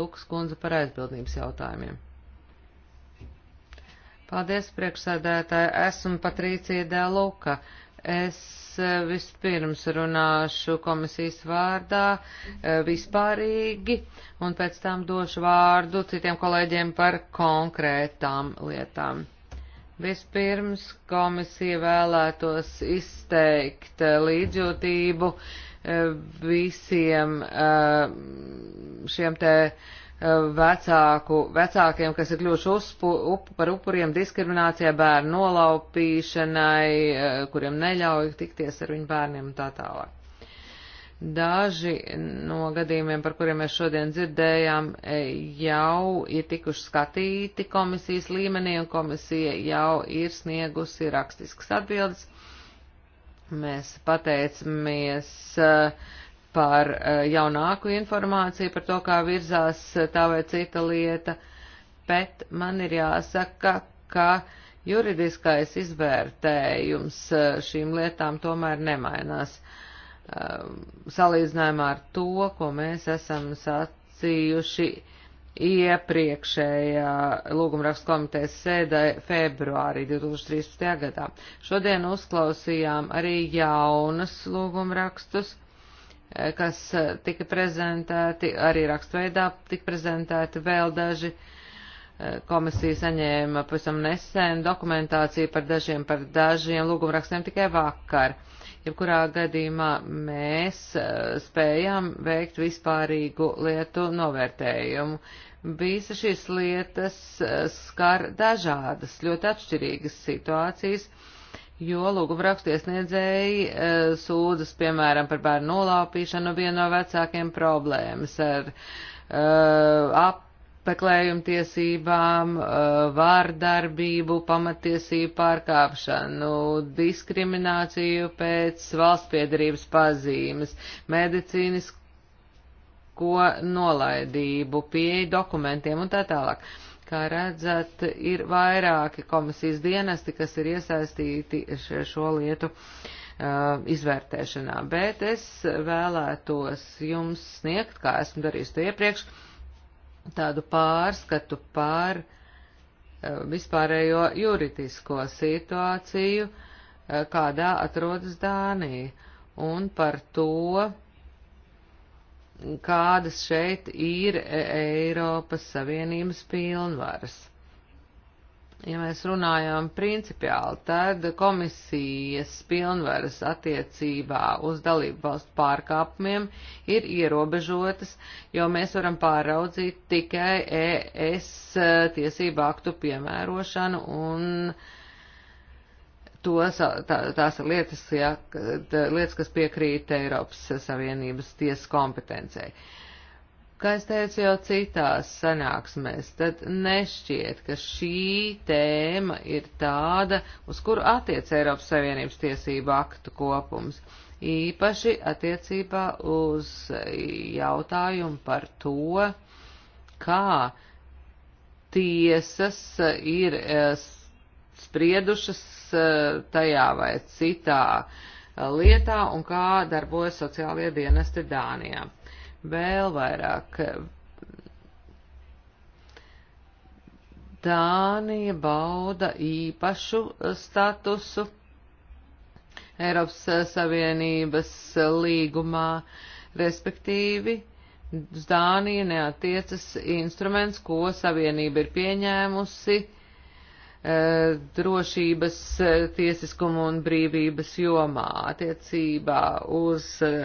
Lūks kundze par aizbildnības jautājumiem. Paldies, priekšsēdētāji. Esmu Patrīcija Dēluka. Es eh, vispirms runāšu komisijas vārdā eh, vispārīgi, un pēc tam došu vārdu citiem kolēģiem par konkrētām lietām. Vispirms komisija vēlētos izteikt eh, līdzjūtību uh, visiem eh, šiem te eh, vecāku, vecākiem, kas ir kļuvuši uzpu, up, par upuriem diskriminācijai, bērnu nolaupīšanai, eh, kuriem neļauj tikties ar viņu bērniem un tā tālāk. Daži no gadījumiem, par kuriem mēs šodien dzirdējām, jau ir tikuši skatīti komisijas līmenī, un komisija jau ir sniegusi rakstiskas atbildes. Mēs pateicamies eh, par eh, jaunāku informāciju, par to, kā virzās eh, tā vai cita lieta, bet man ir jāsaka, ka juridiskais izvērtējums šīm lietām tomēr nemainās. Salīdzinājumā ar to, ko mēs esam sacījuši iepriekšējā lūgumrakstu komitejas sēdē februārī 2013. gadā. Šodien uzklausījām arī jaunas lūgumrakstus, eh, kas eh, tika prezentēti, arī rakstveidā tika prezentēti vēl daži. Eh, Komisija saņēma pavisam nesen dokumentāciju par dažiem, par dažiem lūgumrakstiem tikai vakar. Uh, Jebkurā gadījumā mēs eh, spējām veikt vispārīgu lietu novērtējumu. Visa šīs lietas eh, skar dažādas, ļoti atšķirīgas situācijas, jo lūguma rakstiesniedzēji eh, sūdzas, piemēram, par bērnu nolaupīšanu vienu no vecākiem problēmas ar uh, ap apmeklējumtiesībām, eh, vārdarbību, pamatiesību pārkāpšanu, diskrimināciju pēc valstspiedarības pazīmes, medicīnisko nolaidību, pieeju dokumentiem un tā tālāk. Kā redzat, ir vairāki komisijas dienesti, kas ir iesaistīti šo lietu uh, izvērtēšanā, bet es vēlētos jums sniegt, kā esmu darījis to iepriekš, uh, tādu pārskatu par eh, vispārējo juridisko situāciju, eh, kādā atrodas Dānija, un par to, kādas šeit ir eh, Eiropas Savienības pilnvaras. Ja mēs runājam principiāli, tad komisijas pilnvaras attiecībā uz dalību valstu pārkāpumiem ir ierobežotas, jo mēs varam pāraudzīt tikai ES tiesību aktu piemērošanu un tos, tā, tās lietas, ja, lietas, kas piekrīt Eiropas Savienības tiesas kompetencijai. Uh, Kā es teicu jau citās sanāksmēs, tad nešķiet, ka šī tēma ir tāda, uz kuru attiec Eiropas Savienības tiesību aktu kopums. Īpaši attiecībā uz jautājumu par to, kā tiesas ir e, spriedušas e, tajā vai citā e, lietā un kā darbojas sociālie dienesti Dānijā vēl vairāk. Dānija bauda īpašu statusu Eiropas Savienības līgumā, respektīvi uz Dāniju neatiecas instruments, ko Savienība ir pieņēmusi uh, Eh, drošības, eh, tiesiskuma un brīvības jomā attiecībā uz eh,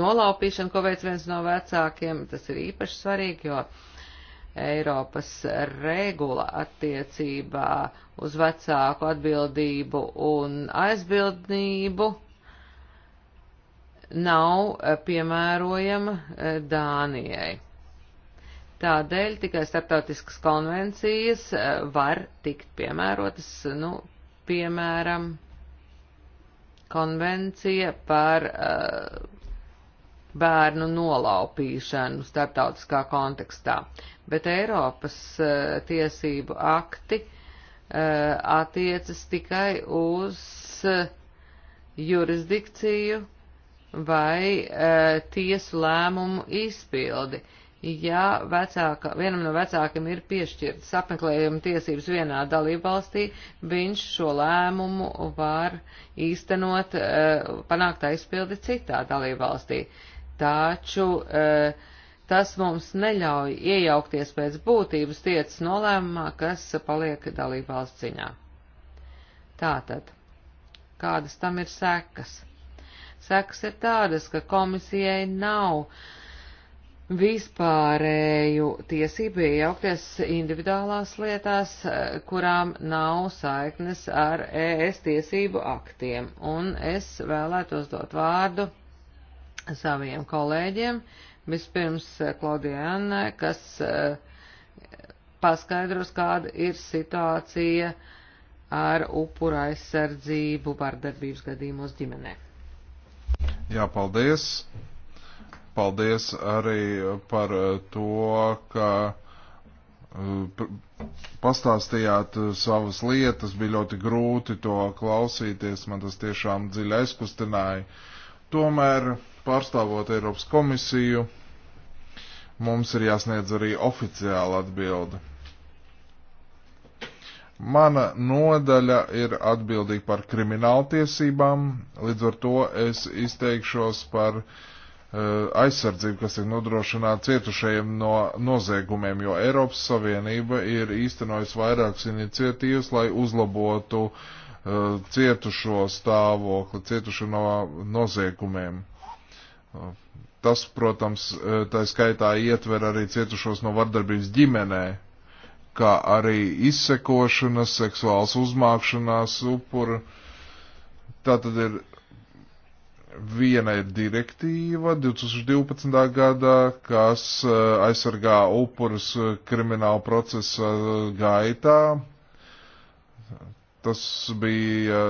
nolaupīšanu, ko veids viens no vecākiem. Tas ir īpaši svarīgi, jo Eiropas regula attiecībā uz vecāku atbildību un aizbildnību nav piemērojama Dānijai. Tādēļ tikai starptautiskas konvencijas eh, var tikt piemērotas, nu, piemēram, konvencija par uh, bērnu nolaupīšanu starptautiskā kontekstā, bet Eiropas uh, tiesību akti uh, attiecas tikai uz jurisdikciju vai tiesu lēmumu izpildi ja vecāka, vienam no vecākiem ir piešķirtas apmeklējuma tiesības vienā dalībvalstī, viņš šo lēmumu var īstenot, eh, panākt aizpildi citā dalībvalstī. Taču eh, tas mums neļauj iejaukties pēc būtības tiecas nolēmumā, kas paliek dalībvalsts ziņā. Tātad, kādas tam ir sekas? Sekas ir tādas, ka komisijai nav uh, vispārēju tiesību iejaukties individuālās lietās, eh, kurām nav saiknes ar ES tiesību aktiem. Un es vēlētos dot vārdu saviem kolēģiem, vispirms eh, Klaudijānai, kas eh, paskaidros, kāda ir situācija ar upura aizsardzību vardarbības gadījumos ģimenē. Jā, paldies! Paldies arī par eh, to, ka eh, pastāstījāt eh, savas lietas, bija ļoti grūti to klausīties, man tas tiešām dziļi aizkustināja. Tomēr, pārstāvot Eiropas komisiju, mums ir jāsniedz arī oficiāla atbilde. Mana nodaļa ir atbildīga par krimināltiesībām, līdz ar to es izteikšos par uh, Eh, aizsardzību, kas ir nodrošināta cietušajiem no noziegumiem, jo Eiropas Savienība ir īstenojusi vairākas iniciatīvas, lai uzlabotu uh, cietušo stāvokli, cietušo no noziegumiem. Eh, tas, protams, tā skaitā ietver arī cietušos no vardarbības ģimenē, kā arī izsekošanas, seksuāls uzmākšanās, upuru. Tā tad ir Viena ir direktīva 2012. gadā, kas eh, aizsargā upurus eh, krimināla procesa eh, gaitā. Tas bija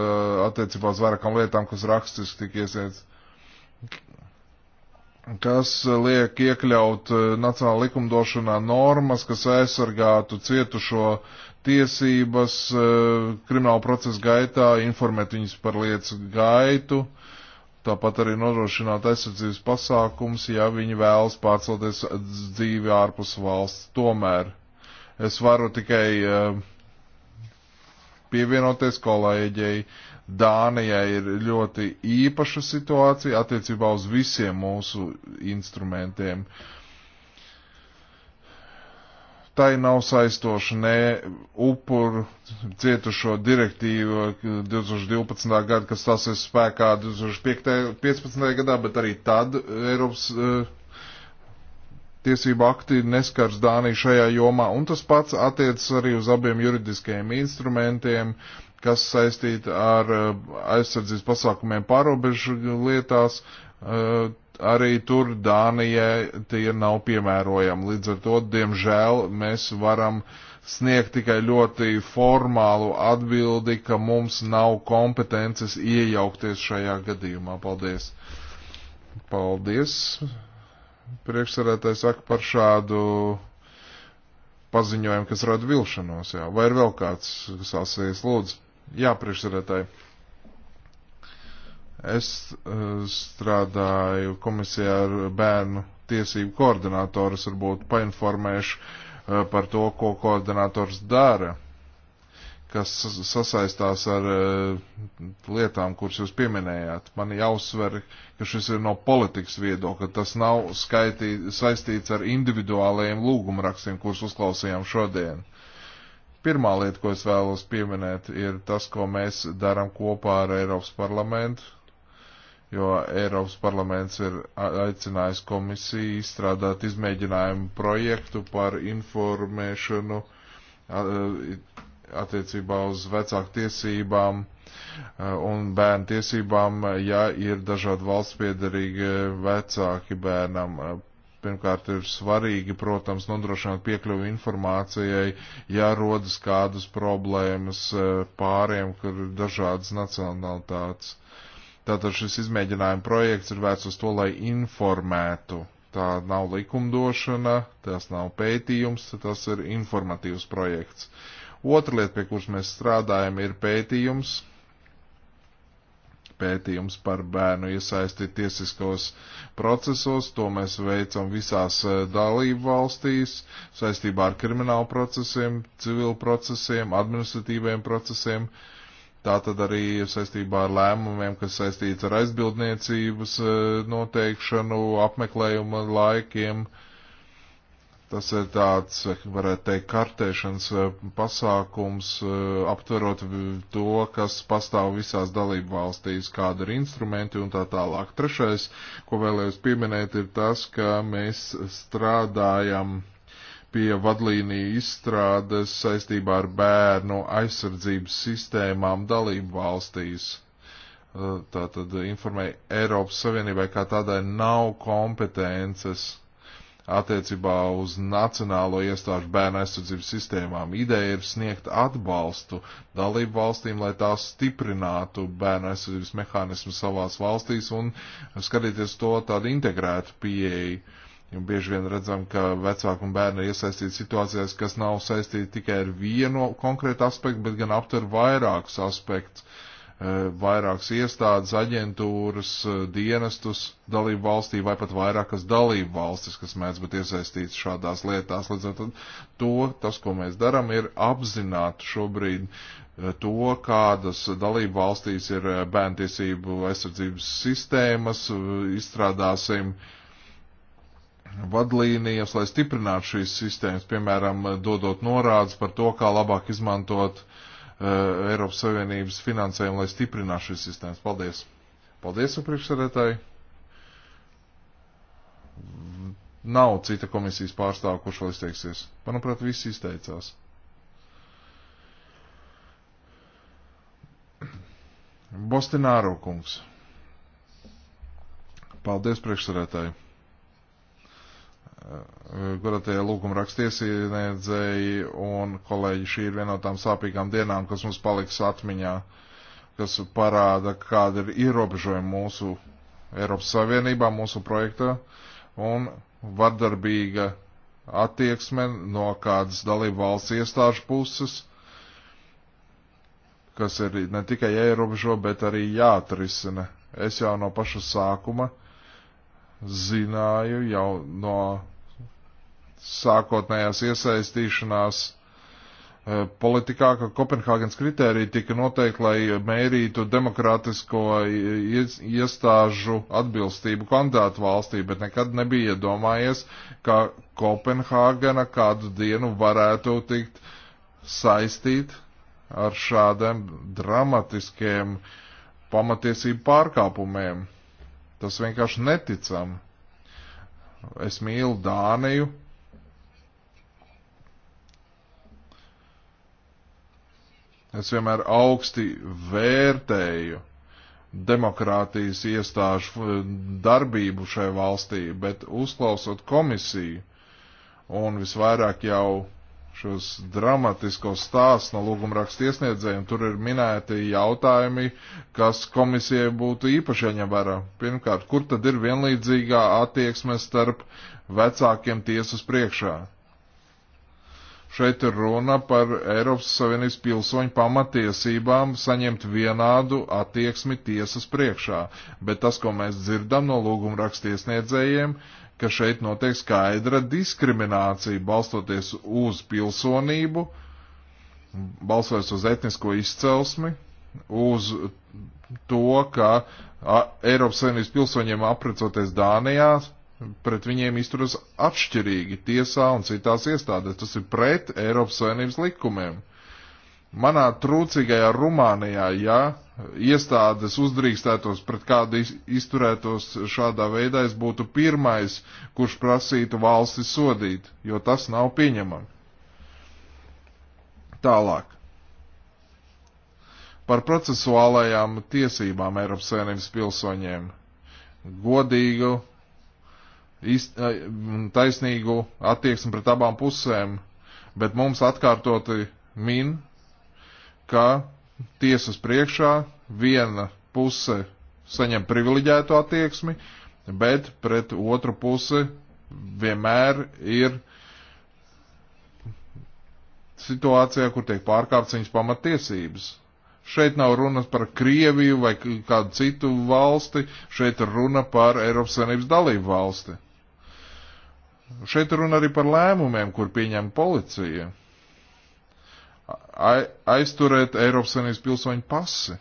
attiecībā uz vairākām lietām, kas rakstiski tika iesniegts kas liek iekļaut nacionāla likumdošanā normas, kas aizsargātu cietušo tiesības krimināla procesa gaitā, informēt viņus par lietas gaitu, uh, Tāpat arī nodrošināt aizsardzības pasākums, ja viņi vēlas pārcelties dzīvi ārpus valsts. Tomēr es varu tikai eh, pievienoties kolēģei. Dānijai ir ļoti īpaša situācija attiecībā uz visiem mūsu instrumentiem. Uh, tai nav saistoša ne upuru cietušo direktīva 2012. gada, kas tas ir spēkā 2015. gadā, bet arī tad Eiropas uh, eh, tiesība akti neskars Dāniju šajā jomā. Un tas pats attiecas arī uz abiem juridiskajiem instrumentiem, kas saistīti ar uh, aizsardzības pasākumiem pārobežu lietās. Uh, arī tur Dānijai tie nav piemērojami. Līdz ar to, diemžēl, mēs varam sniegt tikai ļoti formālu atbildi, ka mums nav kompetences iejaukties šajā gadījumā. Paldies! Paldies! Priekšsarētājs saka par šādu paziņojumu, kas rada vilšanos. Jā. Vai ir vēl kāds, kas asies lūdzu? Jā, priekšsarētāji. Es eh, strādāju komisijā ar bērnu tiesību koordinatorus, varbūt painformēšu eh, par to, ko koordinators dara, kas sasaistās ar eh, lietām, kuras jūs pieminējāt. Man jāuzsver, ka šis ir no politikas viedokļa, tas nav skaitī, saistīts ar individuālajiem lūgumrakstiem, kurus uzklausījām šodien. Pirmā lieta, ko es vēlos pieminēt, ir tas, ko mēs darām kopā ar Eiropas parlamentu jo Eiropas parlaments ir aicinājis komisiju izstrādāt izmēģinājumu projektu par informēšanu attiecībā uz vecāku tiesībām un bērnu tiesībām, ja ir dažādi valsts piedarīgi vecāki bērnam. Pirmkārt, ir svarīgi, protams, nodrošināt piekļuvi informācijai, ja rodas kādas problēmas pāriem, kur ir dažādas nacionalitātes. Uh, Tātad šis izmēģinājuma projekts ir vērts uz to, lai informētu. Tā nav likumdošana, tas nav pētījums, tas ir informatīvs projekts. Otra lieta, pie kuras mēs strādājam, ir pētījums. Pētījums par bērnu iesaisti tiesiskos procesos. To mēs veicam visās e, dalību valstīs saistībā ar kriminālu procesiem, civilu procesiem, administratīviem procesiem. Uh, Tā tad arī saistībā ar lēmumiem, kas saistīts ar aizbildniecības e, noteikšanu, apmeklējuma laikiem. Tas ir tāds, varētu teikt, kartēšanas e, pasākums, e, aptverot to, kas pastāv visās dalību valstīs, kāda ir instrumenti un tā tālāk. Trešais, ko vēlējos pieminēt, ir tas, ka mēs strādājam pie vadlīniju izstrādes saistībā ar bērnu aizsardzības sistēmām dalību valstīs. Uh, tātad informēja Eiropas Savienībai, kā tādai nav kompetences attiecībā uz nacionālo iestāžu bērnu aizsardzības sistēmām. Ideja ir sniegt atbalstu dalību valstīm, lai tās stiprinātu bērnu aizsardzības mehānismu savās valstīs un skatīties to tādu integrētu pieeju Un bieži vien redzam, ka vecāki un bērni ir iesaistīti situācijās, kas nav saistīti tikai ar vienu konkrētu aspektu, bet gan aptver vairākus aspektus, eh, vairākas iestādes, aģentūras, eh, dienestus dalību valstī vai pat vairākas dalību valstis, kas mēdz būt iesaistīts šādās lietās. Līdz ar to, tas, ko mēs darām, ir apzināt šobrīd eh, to, kādas dalību valstīs ir bērntiesību aizsardzības sistēmas, izstrādāsim uh, vadlīnijas, lai stiprinātu šīs sistēmas, piemēram, dodot norādes par to, kā labāk izmantot uh, Eiropas Savienības finansējumu, lai stiprinātu šīs sistēmas. Paldies! Paldies, priekšsēdētāji! Nav cita komisijas pārstāva, kurš vēl izteiksies. Manuprāt, viss izteicās. Bostināro kungs. Paldies, priekšsēdētāji! godātie lūguma rakstiesniedzēji un kolēģi, šī ir viena no tām sāpīgām dienām, kas mums paliks atmiņā, kas parāda, kāda ir ierobežojuma mūsu Eiropas Savienībā, mūsu projektā, un vardarbīga attieksme no kādas dalību valsts iestāžu puses, kas ir ne tikai ierobežo, bet arī jāatrisina. Es jau no paša sākuma zināju jau no sākotnējās iesaistīšanās e, politikā, ka Kopenhāgens kritērija tika noteikti, lai mērītu demokrātisko iestāžu atbilstību kandidātu valstī, bet nekad nebija iedomājies, ka Kopenhāgena kādu dienu varētu tikt saistīt ar šādiem dramatiskiem pamatiesību pārkāpumiem. Tas vienkārši neticam. Es mīlu Dāniju, Es vienmēr augsti vērtēju demokrātijas iestāžu eh, darbību šai valstī, bet uzklausot komisiju un visvairāk jau šos dramatiskos stāsts no lūgumraksta iesniedzējiem, tur ir minēti jautājumi, kas komisijai būtu īpaši jāņem vērā. Pirmkārt, kur tad ir vienlīdzīgā attieksme starp vecākiem tiesas priekšā? Šeit ir runa par Eiropas Savienības pilsoņu pamatiesībām saņemt vienādu attieksmi tiesas priekšā, bet tas, ko mēs dzirdam no lūguma rakstiesniedzējiem, ka šeit notiek skaidra diskriminācija balstoties uz pilsonību, balstoties uz etnisko izcelsmi, uz to, ka Eiropas Savienības pilsoņiem aprecoties Dānijās pret viņiem izturas atšķirīgi tiesā un citās iestādēs. Tas ir pret Eiropas Savienības likumiem. Manā trūcīgajā Rumānijā, ja iestādes uzdrīkstētos pret kādu izturētos šādā veidā, es būtu pirmais, kurš prasītu valsti sodīt, jo tas nav pieņemami. Tālāk. Par procesuālajām tiesībām Eiropas Savienības pilsoņiem. Godīgu taisnīgu attieksmi pret abām pusēm, bet mums atkārtoti min, ka tiesas priekšā viena puse saņem privileģēto attieksmi, bet pret otru pusi vienmēr ir situācijā, kur tiek pārkāpts viņas pamatiesības. Šeit nav runa par Krieviju vai kādu citu valsti, šeit ir runa par Eiropas Savienības dalību valsti. Šeit runa arī par lēmumiem, kur pieņem policija. Aizturēt Eiropas Savienības pilsoņu pasi,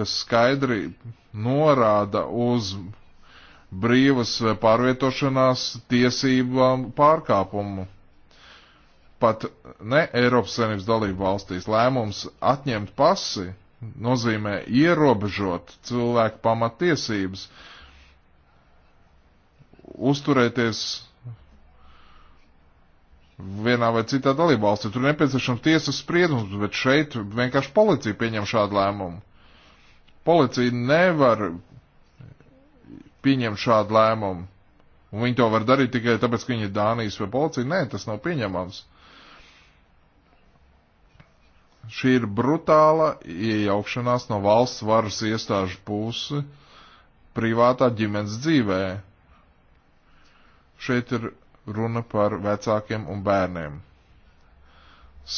kas skaidri norāda uz brīvas pārvietošanās tiesībām pārkāpumu. Pat ne Eiropas Savienības dalību valstīs lēmums atņemt pasi nozīmē ierobežot cilvēku pamatiesības, uh, uzturēties vienā vai citā dalībvalstī. Tur nepieciešams tiesas spriedums, bet šeit vienkārši policija pieņem šādu lēmumu. Policija nevar pieņemt šādu lēmumu. Un viņi to var darīt tikai tāpēc, ka viņi ir Dānijas vai policija. Nē, tas nav pieņemams. Šī ir brutāla iejaukšanās no valsts varas iestāžu pusi privātā ģimenes dzīvē. Šeit ir runa par vecākiem un bērniem.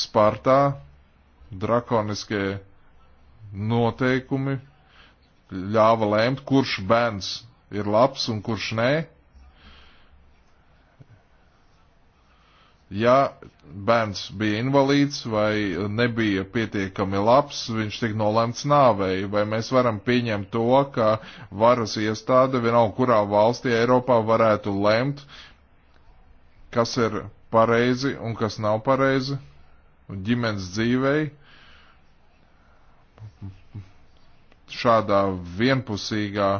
Spartā drakoniskie noteikumi ļāva lēmt, kurš bērns ir labs un kurš nē, Ja bērns bija invalīds vai nebija pietiekami labs, viņš tika nolemts nāvēji, vai mēs varam pieņemt to, ka varas iestāde vienalga kurā valstī Eiropā varētu lemt, kas ir pareizi un kas nav pareizi ģimenes dzīvei. Šādā vienpusīgā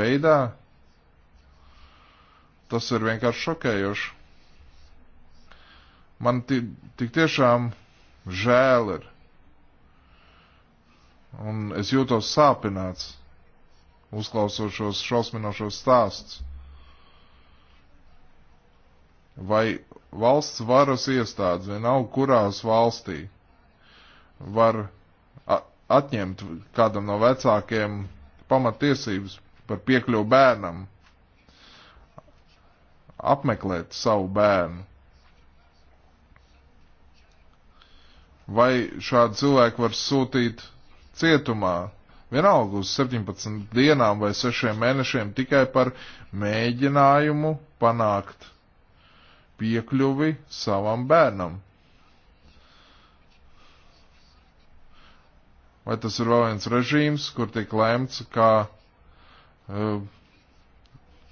veidā tas ir vienkārši šokējoši. Man tik tiešām žēl ir. Un es jūtos sāpināts, uzklausot šos šausminošos stāstus. Vai valsts varas iestādes, vienalga kurās valstī, var atņemt kādam no vecākiem pamatiesības par piekļuvu bērnam, apmeklēt savu bērnu. vai šādu cilvēku var sūtīt cietumā, vienalga uz 17 dienām vai 6 mēnešiem tikai par mēģinājumu panākt piekļuvi savam bērnam. Vai tas ir vēl viens režīms, kur tiek lēmts, kā uh, eh,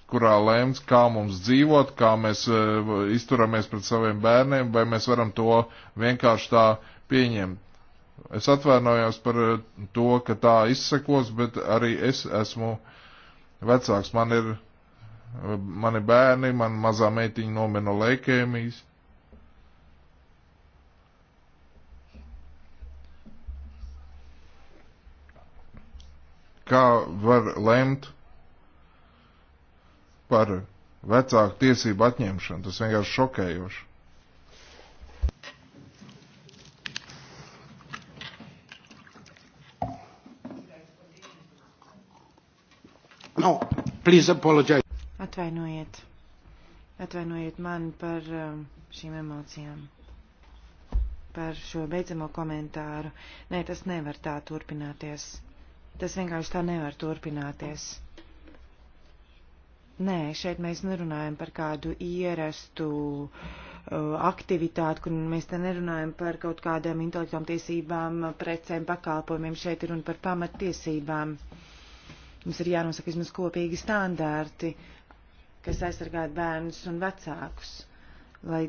kurā lēmts, kā mums dzīvot, kā mēs e, izturamies pret saviem bērniem, vai mēs varam to vienkārši tā pieņemt. Es atvainojos par e, to, ka tā izsekos, bet arī es esmu vecāks. Man ir e, mani bērni, man mazā meitiņa nomena leikēmijas. Kā var lemt par vecāku tiesību atņemšanu. Tas vienkārši šokējoši. No, please apologize. Atvainojiet. Atvainojiet mani par um, šīm emocijām. Par šo beidzamo komentāru. Nē, tas nevar tā turpināties. Tas vienkārši tā nevar turpināties. Nē, šeit mēs nerunājam par kādu ierastu uh, aktivitāti, kur mēs te nerunājam par kaut kādām intelektuālām tiesībām, precēm, pakalpojumiem. Šeit ir runa par pamattiesībām. Mums ir jānosaka vismaz kopīgi standārti, kas aizsargātu bērnus un vecākus, lai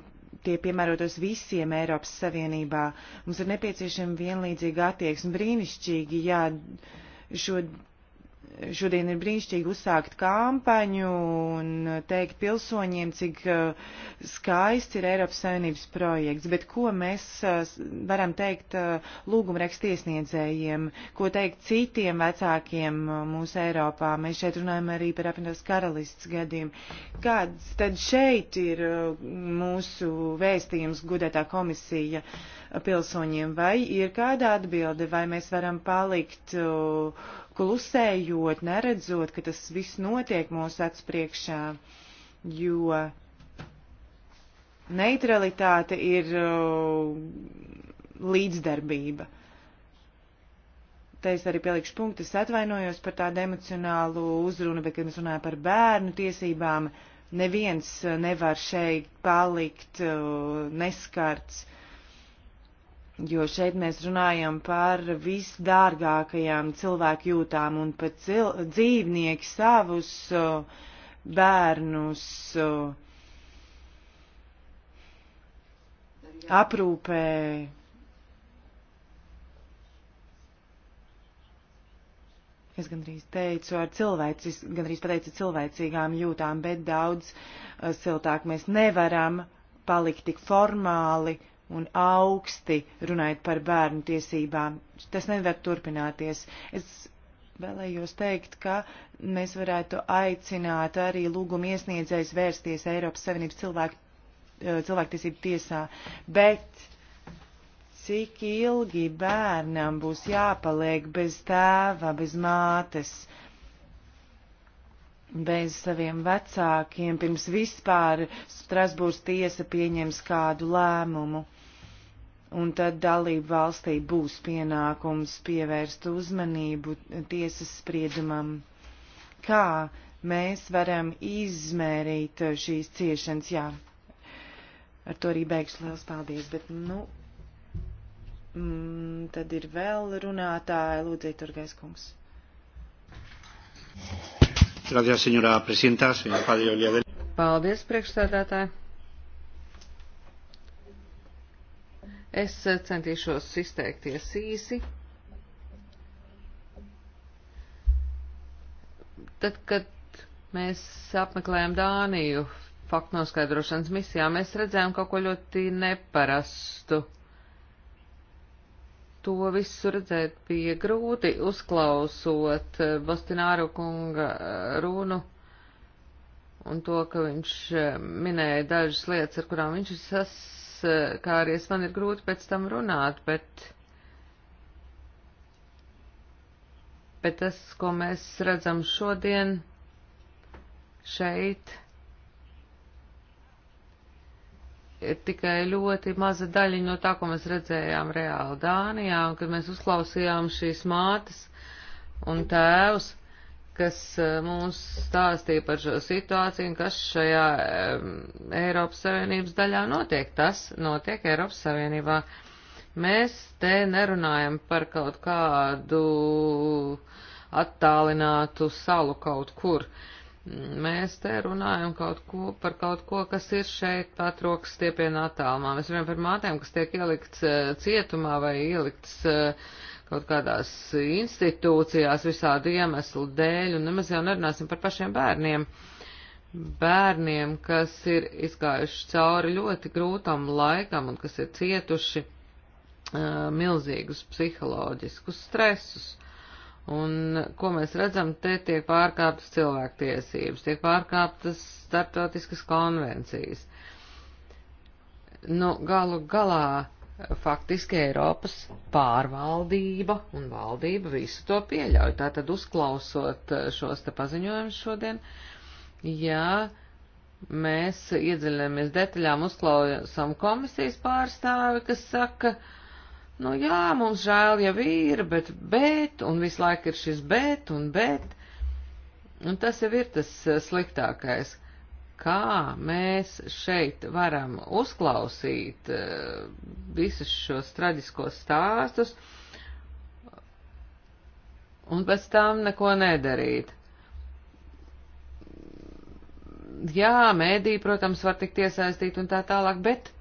tie piemērotos visiem Eiropas Savienībā. Mums ir nepieciešama vienlīdzīga attieksme. Brīnišķīgi, jā, šo šodien ir brīnišķīgi uzsākt kampaņu un teikt pilsoņiem, cik eh, skaists ir Eiropas Savienības projekts, bet ko mēs eh, varam teikt eh, lūgumrakstu iesniedzējiem, ko teikt citiem vecākiem mūsu Eiropā. Mēs šeit runājam arī par apvienotās karalists gadījumu. Kāds tad šeit ir mūsu vēstījums gudētā komisija pilsoņiem? Vai ir kāda atbilde, vai mēs varam palikt klusējot, neredzot, ka tas viss notiek mūsu acu priekšā, jo neutralitāte ir uh, līdzdarbība. Te es arī pielikšu punktu, es atvainojos par tādu emocionālu uzrunu, bet, kad mēs runājam par bērnu tiesībām, neviens uh, nevar šeit palikt uh, neskarts. Uh, jo šeit mēs runājam par visdārgākajām cilvēku jūtām un pat cil dzīvnieki savus bērnus aprūpē. Es gandrīz teicu ar cilvēcis, gandrīz pateicu cilvēcīgām jūtām, bet daudz siltāk mēs nevaram palikt tik formāli, uh, un augsti runājot par bērnu tiesībām. Tas nevar turpināties. Es vēlējos teikt, ka mēs varētu aicināt arī lūgumu iesniedzējus vērsties Eiropas Savienības cilvēku, eh, cilvēktiesību tiesā, bet cik ilgi bērnam būs jāpaliek bez tēva, bez mātes, bez saviem vecākiem, pirms vispār Strasbūrs tiesa pieņems kādu lēmumu un tad dalību valstī būs pienākums pievērst uzmanību tiesas spriedumam. Kā mēs varam izmērīt šīs ciešanas? Jā, ar to arī beigšu. Liels paldies, bet, nu, mm, tad ir vēl runātāja Lūdzēja Turgais kungs. Paldies, priekšstādātāji. Es eh, centīšos izteikties īsi. Tad, kad mēs apmeklējām Dāniju faktu noskaidrošanas misijā, mēs redzējām kaut ko ļoti neparastu. To visu redzēt bija grūti, uzklausot eh, Bostināru kunga eh, runu un to, ka viņš minēja dažas lietas, ar kurām viņš ir sas Eh, kāries, man ir grūti pēc tam runāt, bet, bet tas, ko mēs redzam šodien šeit, ir tikai ļoti maza daļa no tā, ko mēs redzējām reāli Dānijā, un kad mēs uzklausījām šīs mātes un tēvus kas eh, mums stāstīja par šo situāciju un kas šajā eh, Eiropas Savienības daļā notiek. Tas notiek Eiropas Savienībā. Mēs te nerunājam par kaut kādu attālinātu salu kaut kur. Mēs te runājam kaut ko, par kaut ko, kas ir šeit pat rokas stiepienā attālumā. Mēs runājam par mātēm, kas tiek ielikts eh, cietumā vai ielikts uh, kaut kādās institūcijās visādu iemeslu dēļ, un nemaz jau nerunāsim par pašiem bērniem. Bērniem, kas ir izgājuši cauri ļoti grūtam laikam un kas ir cietuši uh, milzīgus psiholoģiskus stresus. Un, ko mēs redzam, te tiek pārkāptas cilvēktiesības, tiek pārkāptas starptautiskas konvencijas. Nu, galu galā faktiski Eiropas pārvaldība un valdība visu to pieļauj. Tātad uzklausot eh, šos te paziņojumus šodien, ja mēs iedziļināmies detaļām, uzklausām komisijas pārstāvi, kas saka, nu jā, mums žēl jau ir, bet, bet, un visu laiku ir šis bet un bet, un tas jau ir tas eh, sliktākais. Uh, kā mēs šeit varam uzklausīt eh, visus šos traģiskos stāstus un pēc tam neko nedarīt. Jā, mēdī, protams, var tikt iesaistīt un tā tālāk, bet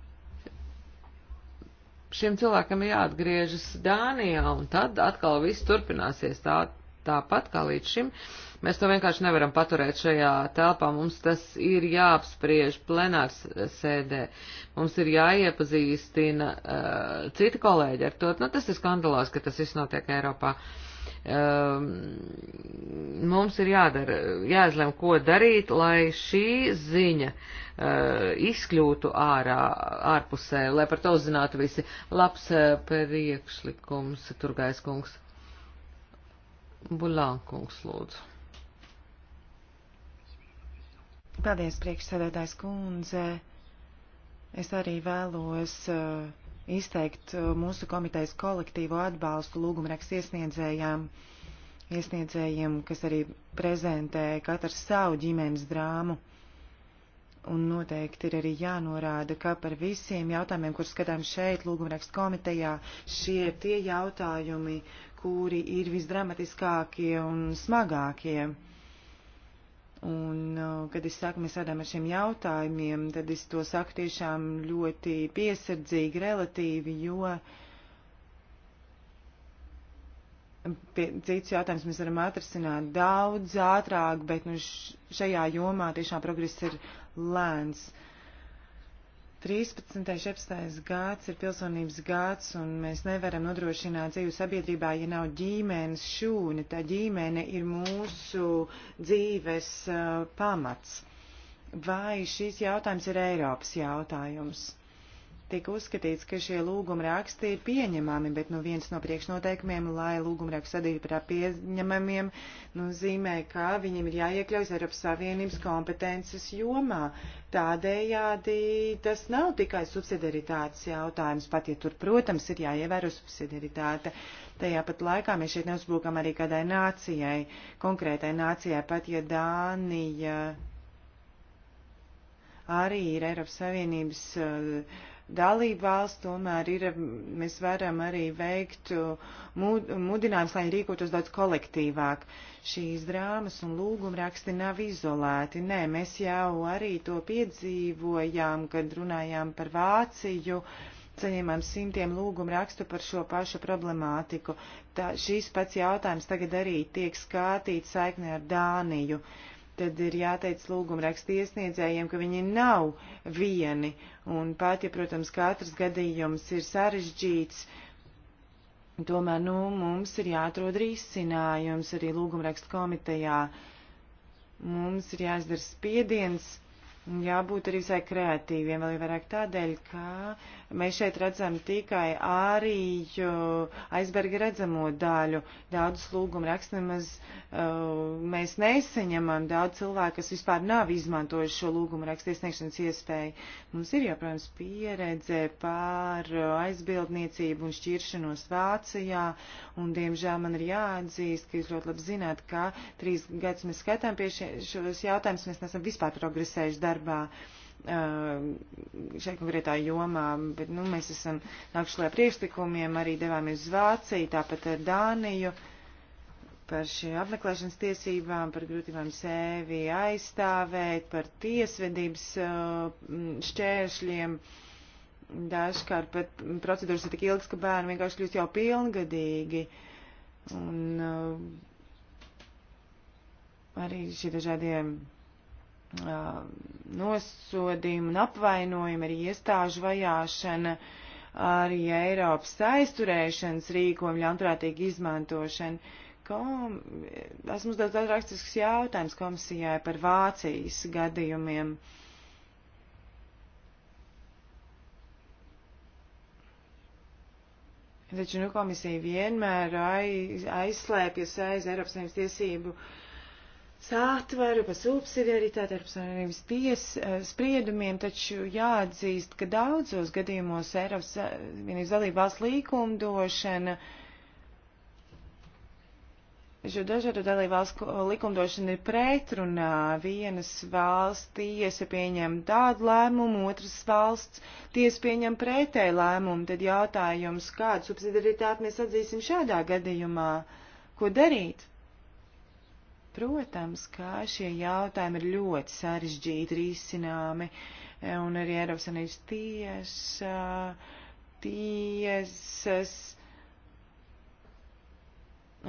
šiem cilvēkam ir jāatgriežas Dānijā, un tad atkal viss turpināsies tā, tāpat kā līdz šim. Uh, Mēs to vienkārši nevaram paturēt šajā telpā, mums tas ir jāapspriež plenārs sēdē, mums ir jāiepazīstina uh, citi kolēģi ar to. Nu, tas ir skandalās, ka tas viss notiek Eiropā. Uh, mums ir jādara, jāizlem, ko darīt, lai šī ziņa uh, izkļūtu ārā, ārpusē, lai par to uzzinātu visi. Labs uh, priekšlikums, Turgais kungs. Bulānkungs, lūdzu. Paldies, priekšsēdētājs kundze. Es arī vēlos uh, izteikt uh, mūsu komitejas kolektīvo atbalstu lūgumraksts iesniedzējām, iesniedzējiem, kas arī prezentē katrs savu ģimenes drāmu. Un noteikti ir arī jānorāda, ka par visiem jautājumiem, kurus skatām šeit, lūgumrakstu komitejā, šie ir tie jautājumi, kuri ir visdramatiskākie un smagākie. Uh, Un, uh, kad es saku, mēs sēdām ar šiem jautājumiem, tad es to saku tiešām ļoti piesardzīgi, relatīvi, jo pie, cits jautājums mēs varam atrasināt daudz ātrāk, bet nu, šajā jomā tiešām progress ir lēns. Uh, 13. 14. gads ir pilsonības gads, un mēs nevaram nodrošināt dzīvi sabiedrībā, ja nav ģimenes šūni. Tā ģimene ir mūsu dzīves uh, pamats. Vai šīs jautājums ir Eiropas jautājums? tika uzskatīts, ka šie lūgumraksti ir pieņemami, bet nu, viens no priekšnoteikumiem, lai lūgumrakstu sadītu par pieņemamiem, nu, nozīmē, nu, ka viņiem ir jāiekļaujas Eiropas Savienības kompetences jomā. Tādējādi tas nav tikai subsidiaritātes jautājums, pat ja tur, protams, ir jāievēro subsidiaritāte. Tajā pat laikā mēs šeit neuzbrukam arī kādai nācijai, konkrētai nācijai, pat ja Dānija arī ir Eiropas Savienības uh, dalību valsts, tomēr ir, mēs varam arī veikt mudinājums, lai rīkotos daudz kolektīvāk. Šīs drāmas un lūguma raksti nav izolēti. Nē, mēs jau arī to piedzīvojām, kad runājām par Vāciju. Saņēmām simtiem lūgumu rakstu par šo pašu problemātiku. Tā, šis pats jautājums tagad arī tiek skatīts saiknē ar Dāniju. Uh, tad ir jāteic lūguma rakstiesniedzējiem, ka viņi nav vieni. Un pat, ja, protams, katrs gadījums ir sarežģīts, tomēr, nu, mums ir jāatrod risinājums arī lūguma rakstu komitejā. Mums ir jāizdara spiediens Jābūt arī visai kreatīviem, vēl vairāk tādēļ, ka mēs šeit redzam tikai arī aizberga redzamo daļu. Daudz lūgumu rakstamaz uh, mēs neseņemam, daudz cilvēku, kas vispār nav izmantojuši šo lūgumu rakstu iesniegšanas iespēju. Mums ir jau, protams, pieredze pār aizbildniecību un šķiršanos Vācijā, un, diemžēl, man ir jāatzīst, ka jūs ļoti labi zināt, ka trīs gadus mēs skatām pie šie, šos jautājumus, mēs nesam vispār progresējuši darbu darbā eh, šai konkrētā jomā, bet nu, mēs esam nākušajā priekšlikumiem, arī devāmies uz Vāciju, tāpat ar Dāniju par šīm apmeklēšanas tiesībām, par grūtībām sevi aizstāvēt, par tiesvedības eh, šķēršļiem. Dažkārt pat procedūras ir tik ilgas, ka bērni vienkārši kļūst jau pilngadīgi. Un eh, arī šie dažādiem Uh, nosodījumi un apvainojumi, arī iestāžu vajāšana, arī Eiropas aizturēšanas rīkojumi ļaunprātīgi izmantošana. Kom... Esmu uzdevis daudz rakstisks jautājums komisijai par Vācijas gadījumiem. Taču nu, komisija vienmēr aiz, aizslēpjas aiz Eiropas Savienības tiesību uh, sātvaru, par subsidiaritāti, ar savienības ties eh, spriedumiem, taču jāatzīst, ka daudzos gadījumos Eiropas vienības dalībās likumdošana Šo dažādu dalībvalstu likumdošana ir pretrunā. Vienas valsts tiesa pieņem tādu lēmumu, otras valsts tiesa pieņem pretēju lēmumu. Tad jautājums, kādu subsidiaritāti mēs atzīsim šādā gadījumā? Ko darīt? Protams, kā šie jautājumi ir ļoti sarežģīti risināmi, e, un arī Eiropas Savienības tiesa, tiesas,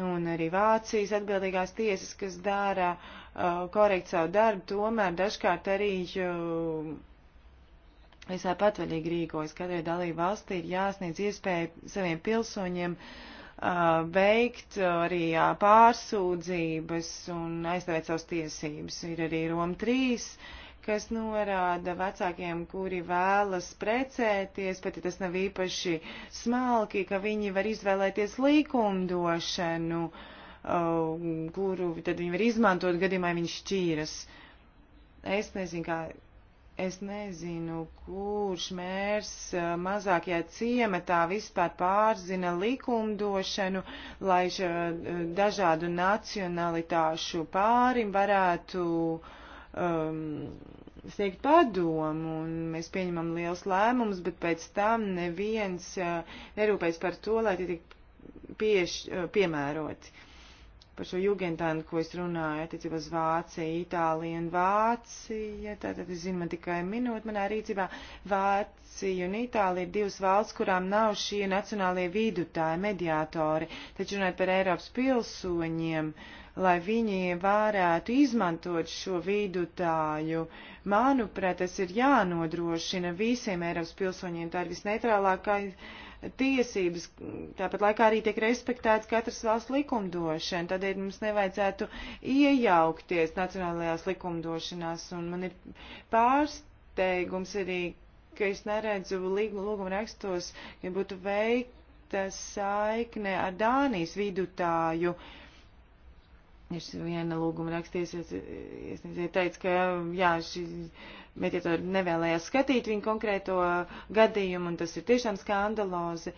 un arī Vācijas atbildīgās tiesas, kas dara uh, e, korekti savu darbu, tomēr dažkārt arī uh, visai patvaļīgi rīkojas. Katrai dalību valstī ir jāsniedz iespēja saviem pilsoņiem uh, veikt arī pārsūdzības un aizstāvēt savas tiesības. Ir arī Roma 3, kas norāda vecākiem, kuri vēlas precēties, pat ja tas nav īpaši smalki, ka viņi var izvēlēties likumdošanu, kuru tad viņi var izmantot gadījumā, ja viņi šķīras. Es nezinu, kā Es nezinu, kurš mērs eh, mazākajā ciematā vispār pārzina likumdošanu, lai eh, dažādu nacionalitāšu pārim varētu um, sniegt padomu, un mēs pieņemam liels lēmums, bet pēc tam neviens eh, nerūpēs par to, lai tie tik pieš, piemēroti par šo jugendantu, ko es runāju, attiecībā uz Vāciju, Itāliju un Vācija. Tātad es zinu, man tikai minūte manā rīcībā. Vācija un Itālija ir divas valsts, kurām nav šie nacionālie vidutāji, mediātori. Taču runājot par Eiropas pilsoņiem, lai viņi varētu izmantot šo vidutāju, manuprāt, tas ir jānodrošina visiem Eiropas pilsoņiem. Tā ir visneitrālākais tiesības, tāpat laikā arī tiek respektēts katras valsts likumdošana, tādēļ mums nevajadzētu iejaukties nacionālajās likumdošanās, un man ir pārsteigums arī, ka es neredzu lūguma rakstos, ja būtu veikta saikne ar Dānijas vidutāju. Ir viena lūguma rakstiesies, iesniedzēja teica, ka jā, šī bet ja to nevēlējās skatīt viņu konkrēto gadījumu, un tas ir tiešām skandalozi,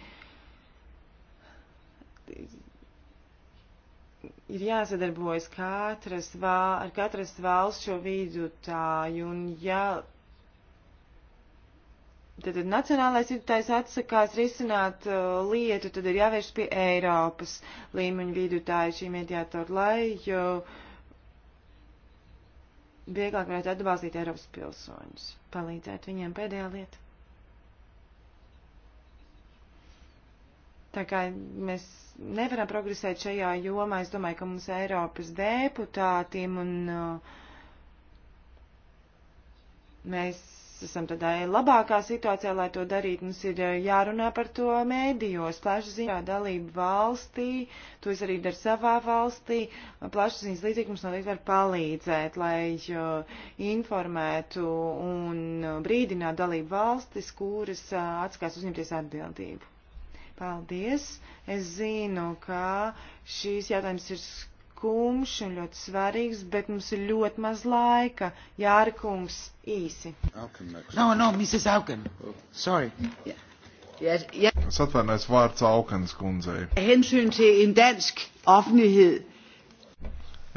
ir jāsadarbojas katras val, ar katras valsts šo vidutāju, un ja tad, tad nacionālais vidutājs atsakās risināt uh, lietu, tad ir jāvērš pie Eiropas līmeņa vidutāju šī mediātora, lai uh, vieglāk varētu atbalstīt Eiropas pilsoņus, palīdzēt viņiem pēdējā lieta. Tā kā mēs nevaram progresēt šajā jomā, es domāju, ka mums Eiropas deputātiem un uh, mēs esam tādā labākā situācijā, lai to darītu. Mums ir eh, jārunā par to mēdījos, plašsaziņā dalību valstī, to es arī daru savā valstī. Plašsaziņas līdzīgi mums noteikti var palīdzēt, lai eh, informētu un eh, brīdinātu dalību valstis, kuras atskās uzņemties atbildību. Paldies! Es zinu, ka šīs jautājums ir kumš un ļoti svarīgs, bet mums ir ļoti maz laika. Jāra kungs īsi. No, no, Mrs. Auken. Sorry. Yeah. Yeah, yeah. Es atvainojos vārds Aukens kundzei. Hensyn til en dansk offentlighed.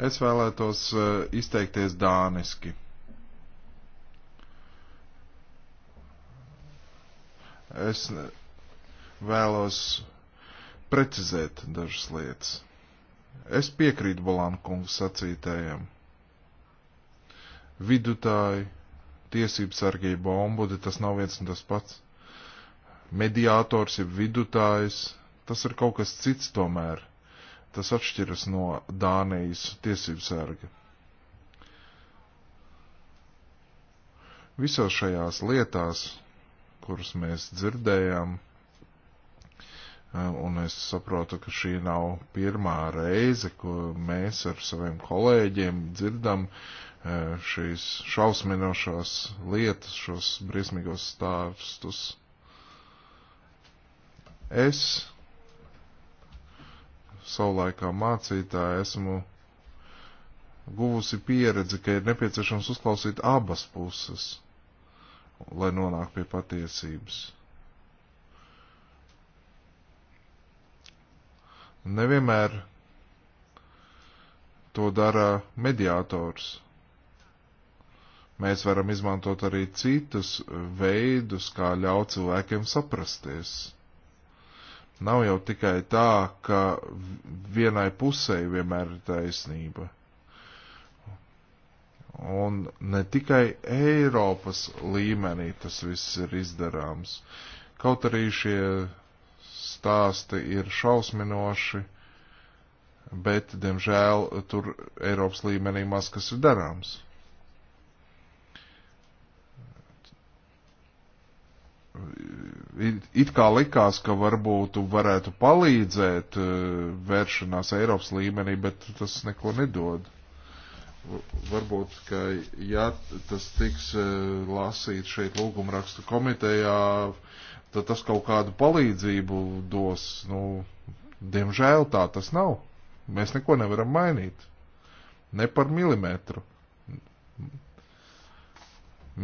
Es vēlētos uh, izteikties dāniski. Es vēlos precizēt dažas lietas. Es piekrītu Balankungu sacītējiem. Vidutāji, tiesības sargība, ombudi, tas nav viens un tas pats. Mediātors, ja vidutājs, tas ir kaut kas cits tomēr. Tas atšķiras no Dānijas tiesības sarga. Visās šajās lietās, kuras mēs dzirdējām, Eh, un es saprotu, ka šī nav pirmā reize, ko mēs ar saviem kolēģiem dzirdam eh, šīs šausminošās lietas, šos briesmīgos stāstus. Es savulaikā mācītāja esmu guvusi pieredzi, ka ir nepieciešams uzklausīt abas puses, lai nonāktu pie patiesības Nevienmēr to dara mediātors. Mēs varam izmantot arī citus veidus, kā ļaut cilvēkiem saprasties. Nav jau tikai tā, ka vienai pusē vienmēr ir taisnība. Un ne tikai Eiropas līmenī tas viss ir izdarāms. Kaut arī šie stāsti ir šausminoši, bet, diemžēl, tur Eiropas līmenī maz kas ir darāms. It kā likās, ka varbūt varētu palīdzēt eh, vēršanās Eiropas līmenī, bet tas neko nedod varbūt, ka ja tas tiks eh, lasīt šeit lūgumrakstu komitejā, tad tas kaut kādu palīdzību dos. Nu, diemžēl tā tas nav. Mēs neko nevaram mainīt. Ne par milimetru.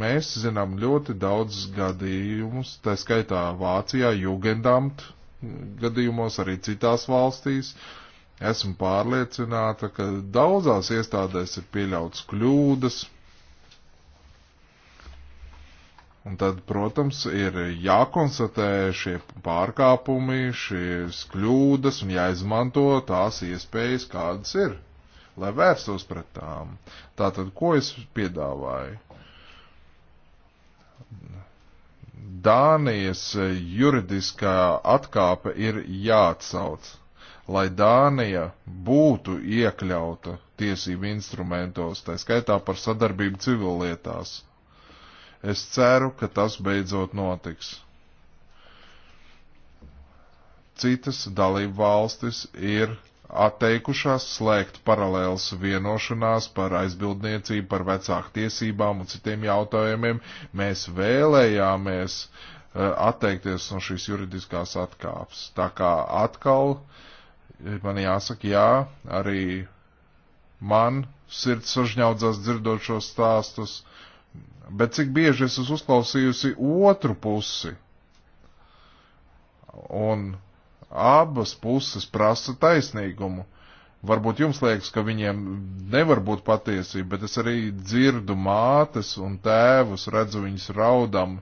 Mēs zinām ļoti daudz gadījumus, tā skaitā Vācijā, Jugendamt gadījumos, arī citās valstīs. Esmu pārliecināta, ka daudzās iestādēs ir pieļauts kļūdas, Un tad, protams, ir jākonstatē šie pārkāpumi, šīs kļūdas un jāizmanto tās iespējas, kādas ir, lai vērstos pret tām. Tātad, ko es piedāvāju? Dānijas juridiskā atkāpe ir jāatsauc, lai Dānija būtu iekļauta tiesību instrumentos, tā skaitā par sadarbību civillietās Es ceru, ka tas beidzot notiks. Citas dalību valstis ir atteikušās slēgt paralēlas vienošanās par aizbildniecību, par vecāku tiesībām un citiem jautājumiem. Mēs vēlējāmies eh, atteikties no šīs juridiskās atkāpes. Tā kā atkal eh, man jāsaka jā, arī man sirds sažņaudzās dzirdot šos stāstus, bet cik bieži es esmu uzklausījusi otru pusi. Un abas puses prasa taisnīgumu. Varbūt jums liekas, ka viņiem nevar būt patiesība, bet es arī dzirdu mātes un tēvus, redzu viņus raudam.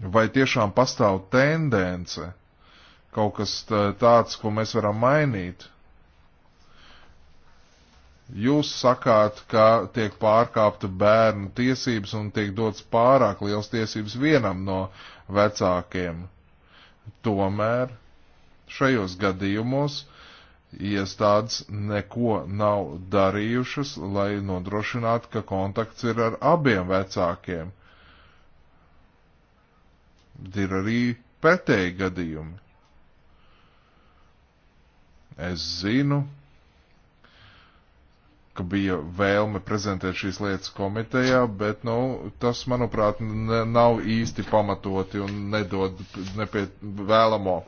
Vai tiešām pastāv tendence kaut kas tāds, ko mēs varam mainīt? Jūs sakāt, ka tiek pārkāpta bērnu tiesības un tiek dots pārāk liels tiesības vienam no vecākiem. Tomēr šajos gadījumos iestādes neko nav darījušas, lai nodrošinātu, ka kontakts ir ar abiem vecākiem. Ir arī pretēji gadījumi. Es zinu, ka bija vēlme prezentēt šīs lietas komitejā, bet, nu, tas, manuprāt, ne, nav īsti pamatoti un nedod nepie, vēlamo.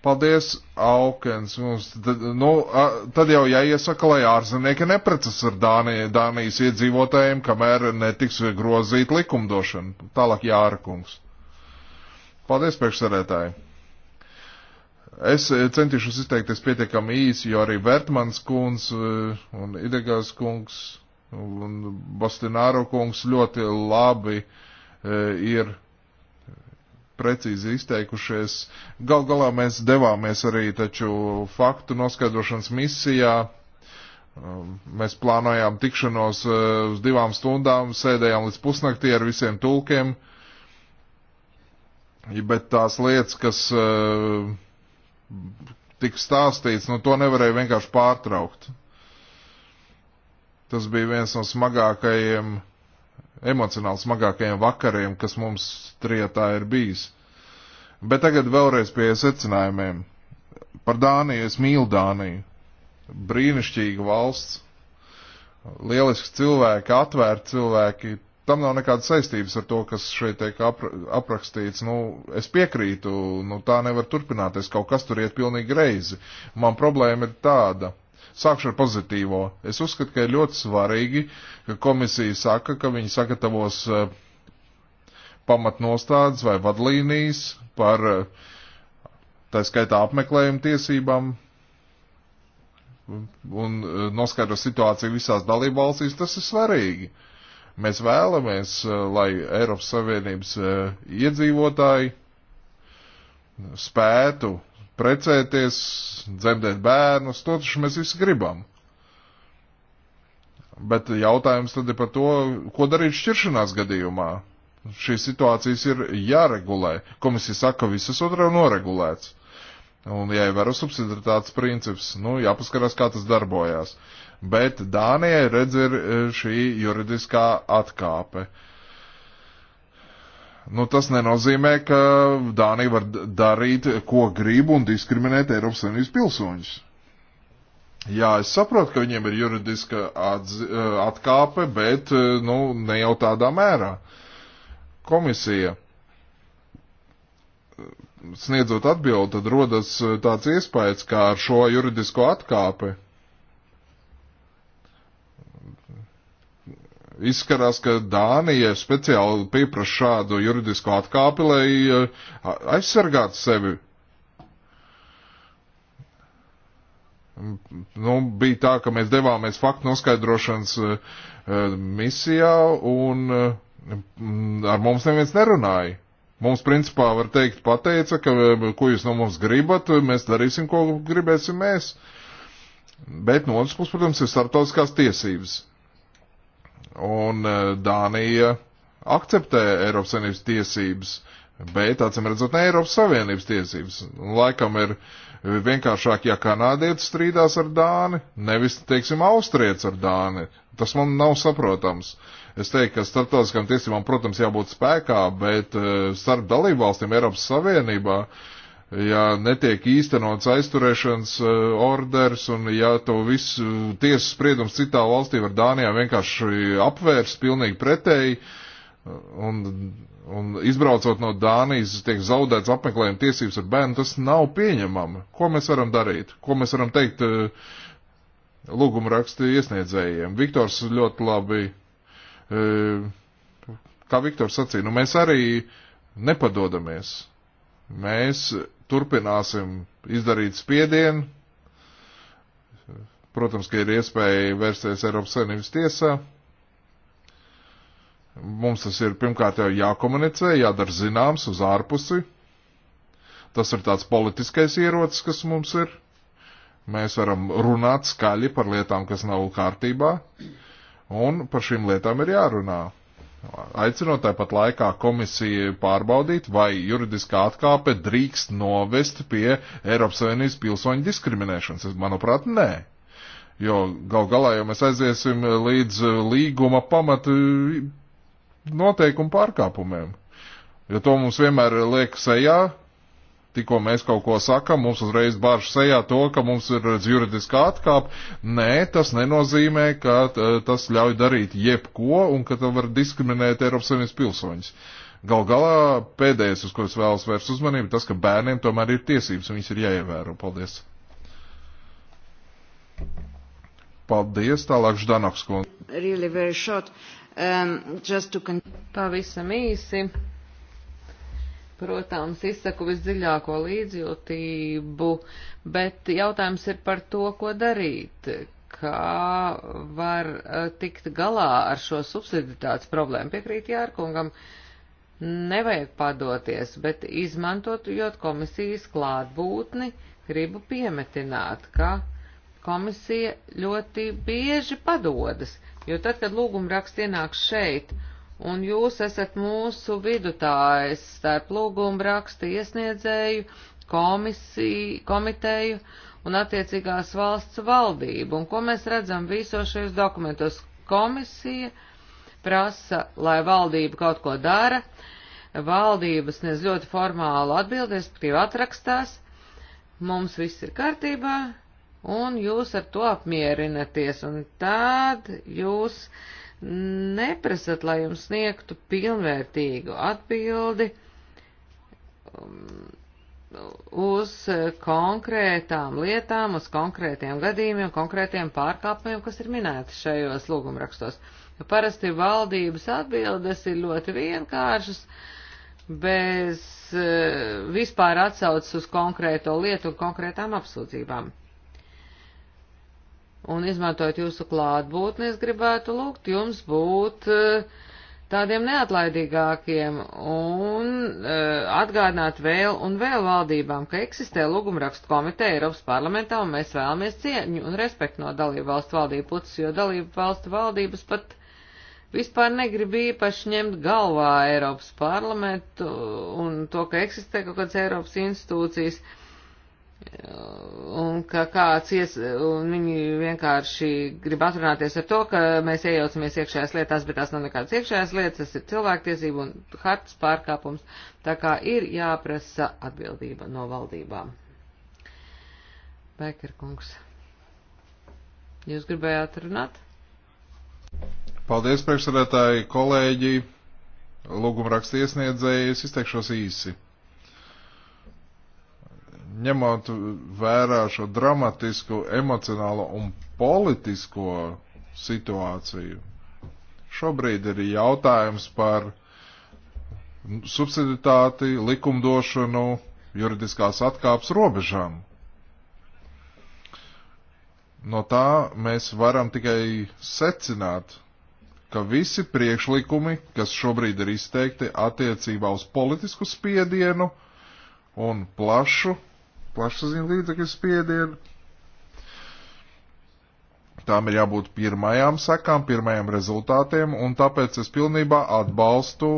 Paldies, Aukens. Mums, tad, nu, a, tad jau jāiesaka, lai ārzemnieki neprecas ar Dānija, Dānijas iedzīvotājiem, kamēr netiks grozīt likumdošana. Tālāk Jāra kungs. Paldies, priekšsarētāji. Es eh, centīšos izteikties pietiekami īsi, jo arī Vertmans kungs eh, un Idegās kungs un Bostināro kungs ļoti labi eh, ir precīzi izteikušies. Gal galā mēs devāmies arī taču faktu noskaidrošanas misijā. Um, mēs plānojām tikšanos uz divām stundām, sēdējām līdz pusnaktī ar visiem tulkiem. Bet tās lietas, kas uh, tik stāstīts, nu to nevarēja vienkārši pārtraukt. Tas bija viens no smagākajiem, emocionāli smagākajiem vakariem, kas mums trietā ir bijis. Bet tagad vēlreiz pie secinājumiem. Par Dāniju es mīlu Dāniju. Brīnišķīga valsts. Lieliski cilvēki, atvērti cilvēki, tam nav nekādas saistības ar to, kas šeit tiek apra aprakstīts. Nu, es piekrītu, nu, tā nevar turpināties, kaut kas tur iet pilnīgi reizi. Man problēma ir tāda. Sākšu ar pozitīvo. Es uzskatu, ka ir ļoti svarīgi, ka komisija saka, ka viņi sagatavos eh, pamatnostādes vai vadlīnijas par eh, tā skaitā apmeklējumu tiesībām un eh, noskaidro situāciju visās dalībvalstīs. Tas ir svarīgi. Uh, Mēs vēlamies, eh, lai Eiropas Savienības eh, iedzīvotāji spētu precēties, dzemdēt bērnus, to taču mēs visi gribam. Bet jautājums tad ir par to, ko darīt šķiršanās gadījumā. Šīs situācijas ir jāregulē. Komisija saka, ka visas otrā noregulēts. Un jāievēro ja subsidiaritātes princips. Nu, jāpaskarās, kā tas darbojās. Uh, bet Dānijai redz ir e, šī juridiskā atkāpe. Nu, tas nenozīmē, ka Dānija var darīt, ko grib un diskriminēt Eiropas Savienības pilsoņus. Jā, es saprotu, ka viņiem ir juridiska atz, e, atkāpe, bet e, nu, ne jau tādā mērā. Komisija sniedzot atbildi, tad rodas tāds iespējas, kā ar šo juridisko atkāpi Izskatās, ka Dānija speciāli pieprasa šādu juridisko atkāpi, lai eh, aizsargātu sevi. Nu, bija tā, ka mēs devāmies faktu noskaidrošanas eh, eh, misijā un ar mums neviens nerunāja. Mums, principā, var teikt, pateica, ka ko jūs no mums gribat, mēs darīsim, ko gribēsim mēs. Bet no otras puses, protams, ir starptautiskās tiesības. Un e, Dānija akceptē Eiropas Savienības tiesības, bet, acīm redzot, ne Eiropas Savienības tiesības. Un laikam ir vienkāršāk, ja kanādietis strīdās ar Dāni, nevis, teiksim, austriets ar Dāni. Tas man nav saprotams. Es teiktu, ka starptautiskām tiesībām, protams, jābūt spēkā, bet e, starp dalībvalstīm Eiropas Savienībā uh, ja netiek īstenots aizturēšanas e, orders un ja to viss tiesas spriedums citā valstī var Dānijā vienkārši apvērst pilnīgi pretēji un, un izbraucot no Dānijas tiek zaudēts apmeklējuma tiesības ar bērnu, tas nav pieņemama. Ko mēs varam darīt? Ko mēs varam teikt e, lūguma rakstu iesniedzējiem? Viktors ļoti labi, e, kā Viktors sacīja, nu mēs arī nepadodamies. Mēs turpināsim izdarīt spiedienu. Protams, ka ir iespēja vērsties Eiropas Savienības tiesā. Mums tas ir pirmkārt jau jākomunicē, jādara zināms uz ārpusi. Tas ir tāds politiskais ierocis, kas mums ir. Mēs varam runāt skaļi par lietām, kas nav kārtībā, un par šīm lietām ir jārunā aicinot tāpat laikā komisiju pārbaudīt, vai juridiskā atkāpe drīkst novest pie Eiropas Savienības pilsoņu diskriminēšanas. Manuprāt, nē. Jo gal galā jau mēs aiziesim līdz līguma pamatu noteikumu pārkāpumiem. Jo to mums vienmēr liek sejā Tikko mēs kaut ko sakam, mums uzreiz bārš sejā to, ka mums ir juridiska atkāpa. Nē, tas nenozīmē, ka tas ļauj darīt jebko un ka tam var diskriminēt Eiropas Savienības pilsoņus. Gal galā pēdējais, uz ko es vēlos vērst uzmanību, tas, ka bērniem tomēr ir tiesības un viņas ir jāievēro. Paldies! Paldies, tālāk Ždanoks kundze. Really um, to... Pavisam īsi protams, izsaku visdziļāko līdzjūtību, bet jautājums ir par to, ko darīt, kā var eh, tikt galā ar šo subsiditātes problēmu. Piekrīt Jārkungam, nevajag padoties, bet izmantot, jo komisijas klātbūtni gribu piemetināt, ka komisija ļoti bieži padodas, jo tad, kad lūguma raksts ienāk šeit, un jūs esat mūsu vidutājs starp lūgumu rakstu iesniedzēju, komisiju, komiteju un attiecīgās valsts valdību. Un ko mēs redzam visos šajos dokumentos? Komisija prasa, lai valdība kaut ko dara, valdības nes ļoti formālu atbildi, respektīvi atrakstās, mums viss ir kārtībā, un jūs ar to apmierinaties, un tad jūs uh, neprasat, lai jums sniegtu pilnvērtīgu atbildi um, uz konkrētām lietām, uz konkrētiem gadījumiem, konkrētiem pārkāpumiem, kas ir minēti šajos lūgumrakstos. Jo parasti valdības atbildes ir ļoti vienkāršas, bez eh, vispār atsaucas uz konkrēto lietu un konkrētām apsūdzībām un izmantojot jūsu klātbūtni, es gribētu lūgt jums būt eh, tādiem neatlaidīgākiem un eh, atgādināt vēl un vēl valdībām, ka eksistē lūgumrakstu komiteja Eiropas parlamentā un mēs vēlamies cieņu un respektu no dalību valstu valdību puses, jo dalību valstu valdības pat vispār negrib īpaši ņemt galvā Eiropas parlamentu un to, ka eksistē kaut kādas Eiropas institūcijas. Uh, un ka kāds ies, un viņi vienkārši grib atrunāties ar to, ka mēs iejaucamies iekšējās lietās, bet tās nav nekādas iekšējās lietas, tas ir cilvēktiesība un hartas pārkāpums, tā kā ir jāprasa atbildība no valdībām. Beker kungs, jūs gribējāt runāt? Paldies, priekšsēdētāji, kolēģi, lūgumrakstiesniedzēji, es izteikšos īsi ņemot vērā šo dramatisku emocionālo un politisko situāciju. Šobrīd ir jautājums par subsiditāti, likumdošanu, juridiskās atkāps robežām. No tā mēs varam tikai secināt, ka visi priekšlikumi, kas šobrīd ir izteikti attiecībā uz politisku spiedienu un plašu plašsaziņu līdzekļu spiedienu. Tām ir jābūt pirmajām sakām, pirmajām rezultātiem, un tāpēc es pilnībā atbalstu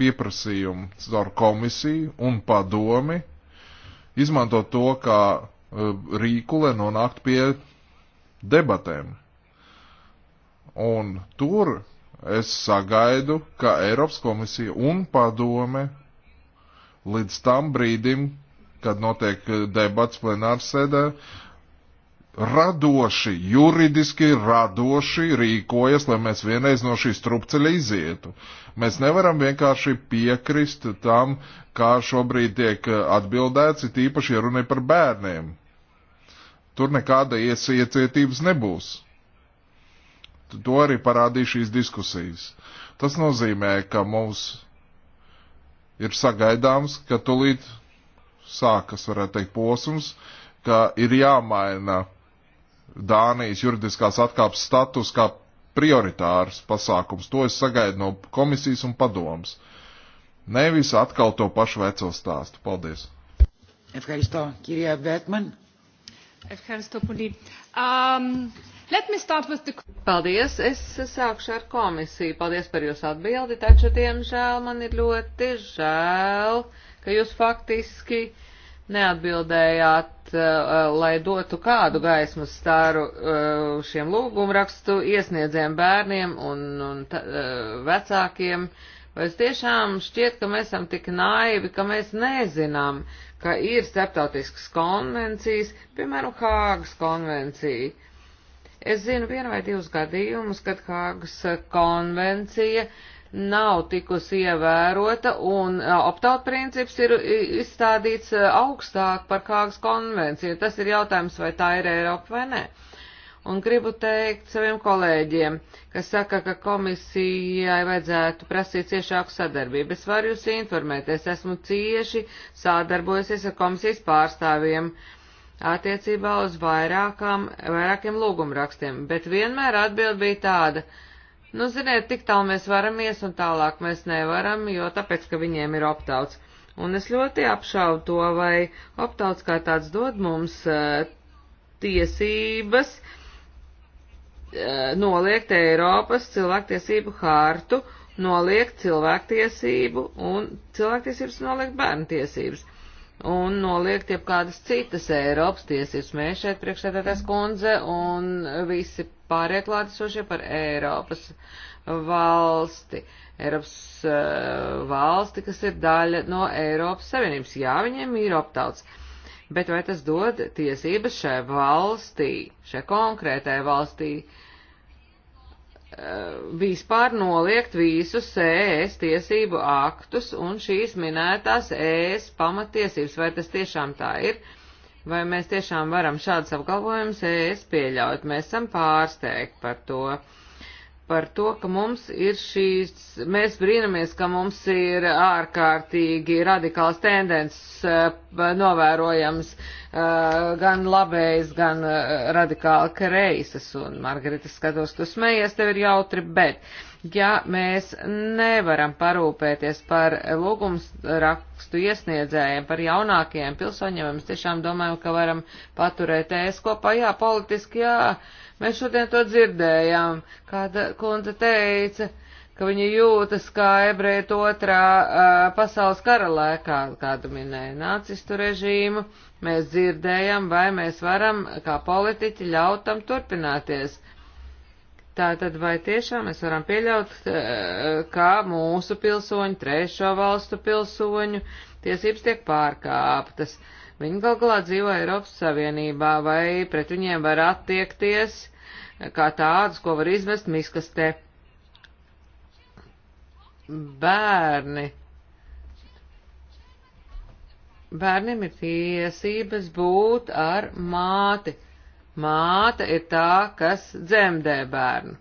pieprasījumu caur komisiju un padomi izmantot to kā eh, rīku, lai nonāktu pie debatēm. Un tur es sagaidu, ka Eiropas komisija un padome līdz tam brīdim, kad notiek eh, debats plenārsēdē, radoši, juridiski radoši rīkojas, lai mēs vienreiz no šīs trupceļa izietu. Mēs nevaram vienkārši piekrist tam, kā šobrīd tiek eh, atbildēts, it īpaši, ja runa ir par bērniem. Tur nekāda iecietības nebūs. To arī parādīja šīs diskusijas. Tas nozīmē, ka mums ir sagaidāms, ka tulīt sākas, varētu teikt, posms, ka ir jāmaina Dānijas juridiskās atkāpes status kā prioritārs pasākums. To es sagaidu no komisijas un padomas. Nevis atkal to pašu veco stāstu. Paldies. Ευχαριστώ, κυρία Βέτμαν. Ευχαριστώ πολύ. Um, let me start with the... Paldies, es sākšu ar komisiju. Paldies par jūsu atbildi, taču, diemžēl, man ir ļoti žēl. Uh, ka jūs faktiski neatbildējāt, eh, lai dotu kādu gaismas stāru eh, šiem lūgumrakstu iesniedzējiem bērniem un, un tā, eh, vecākiem. Vai es tiešām šķiet, ka mēs esam tik naivi, ka mēs nezinām, ka ir starptautiskas konvencijas, piemēram, Hāgas konvencija. Es zinu vienu vai divus gadījumus, kad Hāgas konvencija uh, nav tikusi ievērota, un optaut princips ir izstādīts augstāk par Kāgas konvenciju. Tas ir jautājums, vai tā ir Eiropa vai nē. Un gribu teikt saviem kolēģiem, kas saka, ka komisijai vajadzētu prasīt ciešāku sadarbību. Es varu jūs informēt, es esmu cieši sadarbojusies ar komisijas pārstāvjiem attiecībā uz vairākām, vairākiem lūgumrakstiem, bet vienmēr atbild bija tāda, uh, Nu, ziniet, tik tālu mēs varamies un tālāk mēs nevaram, jo tāpēc, ka viņiem ir optauts. Un es ļoti apšaubu to, vai optauts kā tāds dod mums uh, tiesības uh, noliegt Eiropas cilvēktiesību hārtu, noliegt cilvēktiesību un cilvēktiesības noliegt bērnu tiesības un noliegt jeb kādas citas Eiropas tiesības. Mēs šeit priekšsēdētājs kundze un visi pārējie klātesošie par Eiropas valsti. Eiropas uh, valsti, kas ir daļa no Eiropas Savienības. Jā, viņiem ir optauts. Bet vai tas dod tiesības šai valstī, šai konkrētai valstī, uh, vispār noliegt visus ES tiesību aktus un šīs minētās ES pamatiesības. Vai tas tiešām tā ir? Vai mēs tiešām varam šādus apgalvojumus ES pieļaut? Mēs esam pārsteigti par to. Uh, par to, ka mums ir šīs, mēs brīnamies, ka mums ir ārkārtīgi radikāls tendences eh, novērojams eh, gan labējs, gan eh, radikāli kreisas, un Margarita skatos, tu smējies, tev ir jautri, bet ja mēs nevaram parūpēties par lūgums rakstu iesniedzējiem, par jaunākajiem pilsoņiem, mēs tiešām domājam, ka varam paturēt ēs kopā, jā, politiski, jā, Mēs šodien to dzirdējām, kāda kundze teica, ka viņa jūtas kā ebrēta otrā uh, pasaules kara laikā, kādu minēja nacistu režīmu. Mēs dzirdējam, vai mēs varam kā politiķi ļaut tam turpināties. Tātad vai tiešām mēs varam pieļaut, uh, kā mūsu pilsoņu, trešo valstu pilsoņu tiesības tiek pārkāptas? Viņi gal galā dzīvo Eiropas Savienībā, vai pret viņiem var attiekties kā tādus, ko var izmest miskastē. Bērni. Bērniem ir tiesības būt ar māti. Māte ir tā, kas dzemdē bērnu.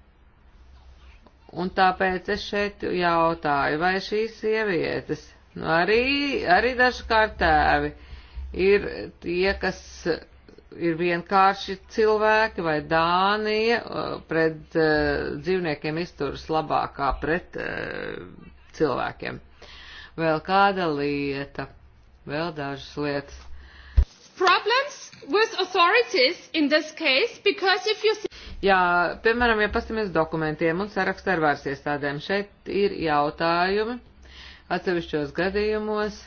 Un tāpēc es šeit jautāju, vai šīs sievietes, nu arī, arī dažkārt tēvi, ir tie, kas ir vienkārši cilvēki vai Dānija eh, pret uh, dzīvniekiem izturas labākā pret uh, cilvēkiem. Vēl kāda lieta, vēl dažas lietas. Problems with authorities in this case, because if you see... Jā, piemēram, ja pastamies dokumentiem un sarakstu ar vārsiestādēm, šeit ir jautājumi atsevišķos gadījumos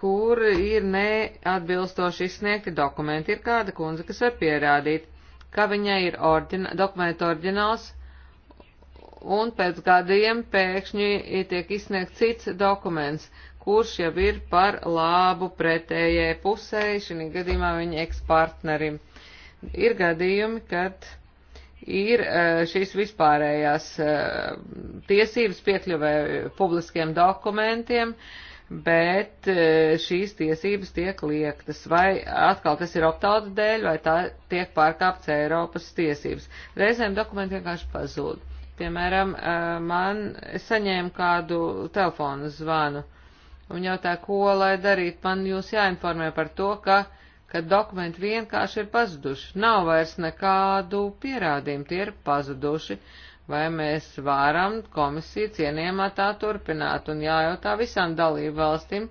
kur ir neatbilstoši izsniegti dokumenti. Ir kāda kundze, kas var pierādīt, ka viņai ir orģina, dokumentu orģināls, un pēc gadiem pēkšņi tiek izsniegts cits dokuments, kurš jau ir par labu pretējai pusē, šī gadījumā viņa ekspartnerim. Ir gadījumi, kad ir e, šīs vispārējās e, tiesības piekļuvē publiskiem dokumentiem, uh, bet e, šīs tiesības tiek liektas. Vai atkal tas ir optauta dēļ, vai tā tiek pārkāpts Eiropas tiesības. Reizēm dokumenti vienkārši pazūd. Piemēram, e, man saņēma kādu telefonu zvanu un jautā, ko lai darīt. Man jūs jāinformē par to, ka, ka dokumenti vienkārši ir pazuduši. Nav vairs nekādu pierādījumu, tie ir pazuduši. Uh, vai mēs varam komisiju cienījumā tā turpināt un jājautā visām dalību valstīm,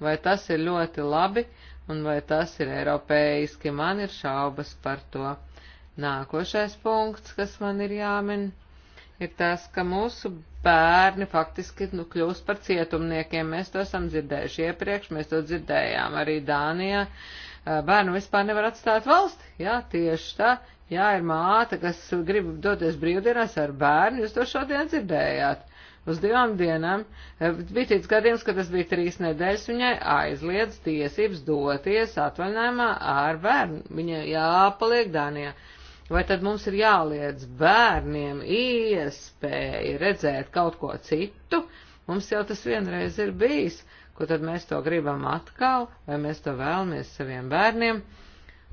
vai tas ir ļoti labi un vai tas ir eiropeiski, man ir šaubas par to. Nākošais punkts, kas man ir jāmin, ir tas, ka mūsu bērni faktiski nu, kļūst par cietumniekiem. Mēs to esam dzirdējuši iepriekš, mēs to dzirdējām arī Dānijā. Bērnu vispār nevar atstāt valsti, jā, tieši tā, Jā, ir māte, kas grib doties brīvdienās ar bērnu, jūs to šodien dzirdējāt. Uz divām dienām eh, bija cits gadījums, kad tas bija trīs nedēļas, viņai aizliedz tiesības doties atvaļinājumā ar bērnu. Viņai jāpaliek Dānijā. Vai tad mums ir jāliedz bērniem iespēja redzēt kaut ko citu? Mums jau tas vienreiz ir bijis, ko tad mēs to gribam atkal, vai mēs to vēlamies saviem bērniem? Uh,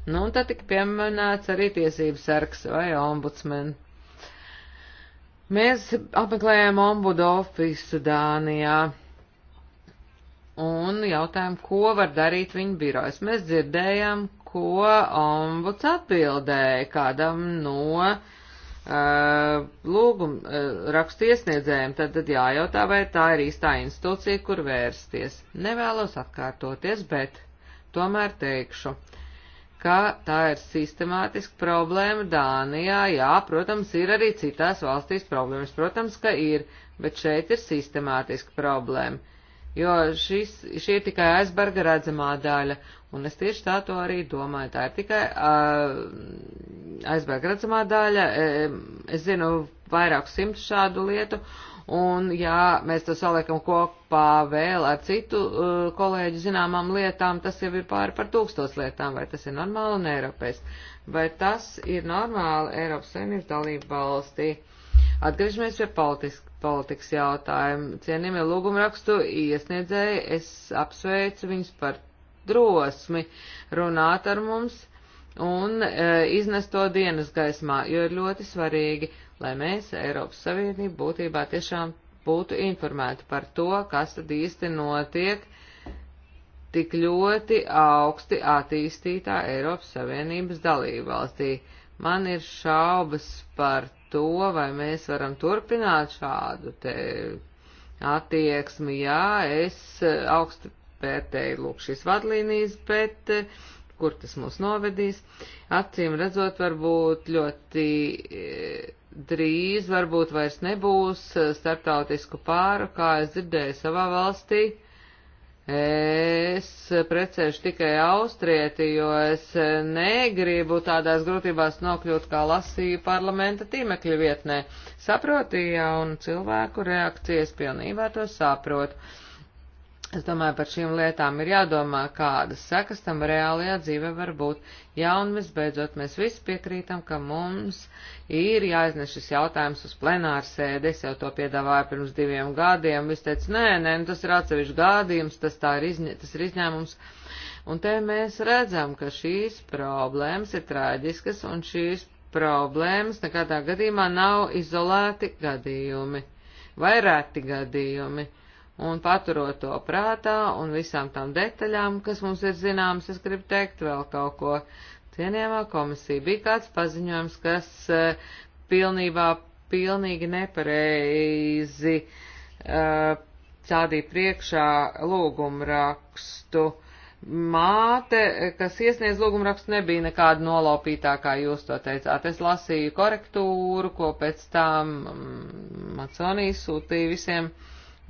Nu, un tad tik pieminēts arī tiesības sargs vai ombudsmen. Mēs apmeklējām ombudu ofisu Dānijā un jautājām, ko var darīt viņa birojas. Mēs dzirdējām, ko ombuds atbildēja kādam no uh, lūgum uh, rakstu iesniedzējiem. Tad, tad jājautā, vai tā ir īstā institūcija, kur vērsties. Nevēlos atkārtoties, bet tomēr teikšu. Uh, ka tā ir sistemātiska problēma Dānijā. Jā, protams, ir arī citās valstīs problēmas. Protams, ka ir, bet šeit ir sistemātiska problēma. Jo šis, šī ir tikai aizberga redzamā daļa, un es tieši tā to arī domāju. Tā ir tikai uh, aizberga redzamā daļa. E, e, es zinu vairāku simtu šādu lietu, uh, Un, ja mēs to saliekam kopā vēl ar citu uh, kolēģu zināmām lietām, tas jau ir pāri par tūkstos lietām, vai tas ir normāli un Eiropais. Vai tas ir normāli Eiropas Savienības dalību valstī? Atgriežamies pie politiski, politikas jautājumu. Cienījamie lūgumrakstu iesniedzēji, es apsveicu viņus par drosmi runāt ar mums un e, uh, iznest to dienas gaismā, jo ir ļoti svarīgi lai mēs, Eiropas Savienība, būtībā tiešām būtu informēti par to, kas tad īsti notiek tik ļoti augsti attīstītā Eiropas Savienības dalībvalstī. Man ir šaubas par to, vai mēs varam turpināt šādu te attieksmi. Jā, es eh, augstu vērtēju lūk šīs vadlīnijas, bet eh, kur tas mūs novedīs? Acīm redzot, varbūt ļoti eh, drīz varbūt vairs nebūs eh, starptautisku pāru, kā es dzirdēju savā valstī. Es precēšu tikai austrieti, jo es eh, negribu tādās grūtībās nokļūt, kā lasīju parlamenta tīmekļa vietnē. Saprotīja un cilvēku reakcijas pilnībā to saprotu. Es domāju, par šīm lietām ir jādomā, kādas sekas tam reālajā dzīvē var būt. Jā, un visbeidzot, mēs visi piekrītam, ka mums ir jāiznes šis jautājums uz plenāru sēdi. Es jau to piedāvāju pirms diviem gadiem. Viss teica, nē, nē, nu tas ir atsevišķi gādījums, tas, ir izņ tas ir izņēmums. Un te mēs redzam, ka šīs problēmas ir traģiskas, un šīs problēmas nekādā gadījumā nav izolēti gadījumi vai reti gadījumi Un paturot to prātā un visām tām detaļām, kas mums ir zināmas, es gribu teikt vēl kaut ko. Cienījamā komisija bija kāds paziņojums, kas uh, pilnībā, pilnīgi nepareizi uh, stādīja priekšā lūgumrakstu. Māte, kas iesniedz lūgumrakstu, nebija nekāda nolaupītā, kā jūs to teicāt. Es lasīju korektūru, ko pēc tam mm, Macronijas sūtīja visiem uh,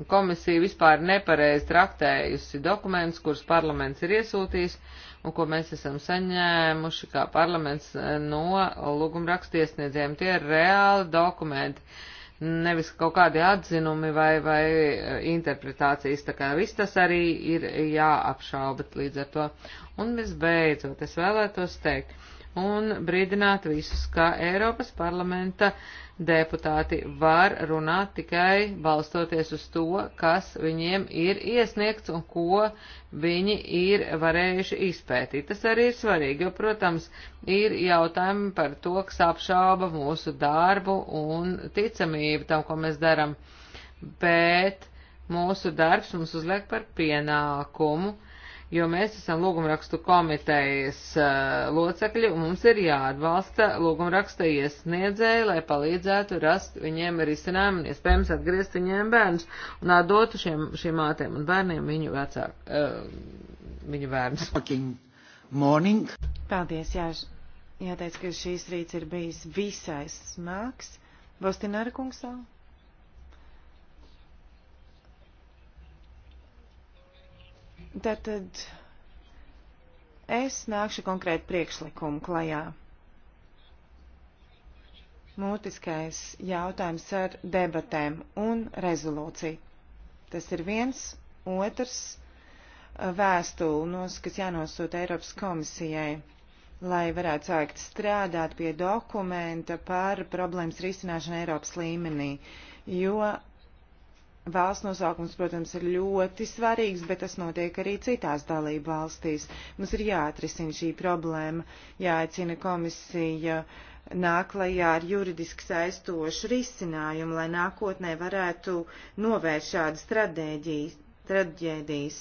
Komisija vispār nepareiz traktējusi dokumentus, kurus parlaments ir iesūtījis un ko mēs esam saņēmuši kā parlaments eh, no lūgumrakstiesniedzējiem. Tie ir reāli dokumenti, nevis kaut kādi atzinumi vai, vai eh, interpretācijas. Tā kā viss tas arī ir jāapšaubat līdz ar to. Un visbeidzot, es vēlētos teikt, un brīdināt visus, ka Eiropas parlamenta deputāti var runāt tikai balstoties uz to, kas viņiem ir iesniegts un ko viņi ir varējuši izpētīt. Tas arī ir svarīgi, jo, protams, ir jautājumi par to, kas apšauba mūsu darbu un ticamību tam, ko mēs daram. Bet mūsu darbs mums uzliek par pienākumu uh, jo mēs esam lūgumrakstu komitejas uh, locekļi, un mums ir jāatbalsta lūgumraksta iesniedzēji, lai palīdzētu rast viņiem risinājumu un iespējams atgriezt viņiem bērnus un atdotu šiem, šiem mātēm un bērniem viņu vecāku, uh, eh, viņu bērnus. Morning. Paldies, Jāž. Jāteic, ka šīs rīts ir bijis visai smags. Bostinārkungs savu. Tātad es nākšu konkrēti priekšlikumu klajā. Mūtiskais jautājums ar debatēm un rezolūciju. Tas ir viens, otrs vēstuli, kas jānosūta Eiropas komisijai, lai varētu sākt strādāt pie dokumenta par problēmas risināšanu Eiropas līmenī, jo Valsts nosaukums, protams, ir ļoti svarīgs, bet tas notiek arī citās dalību valstīs. Mums ir jāatrisina šī problēma, jāaicina komisija nāklajā ar juridiski saistošu risinājumu, lai nākotnē varētu novērst šādas traģēdijas.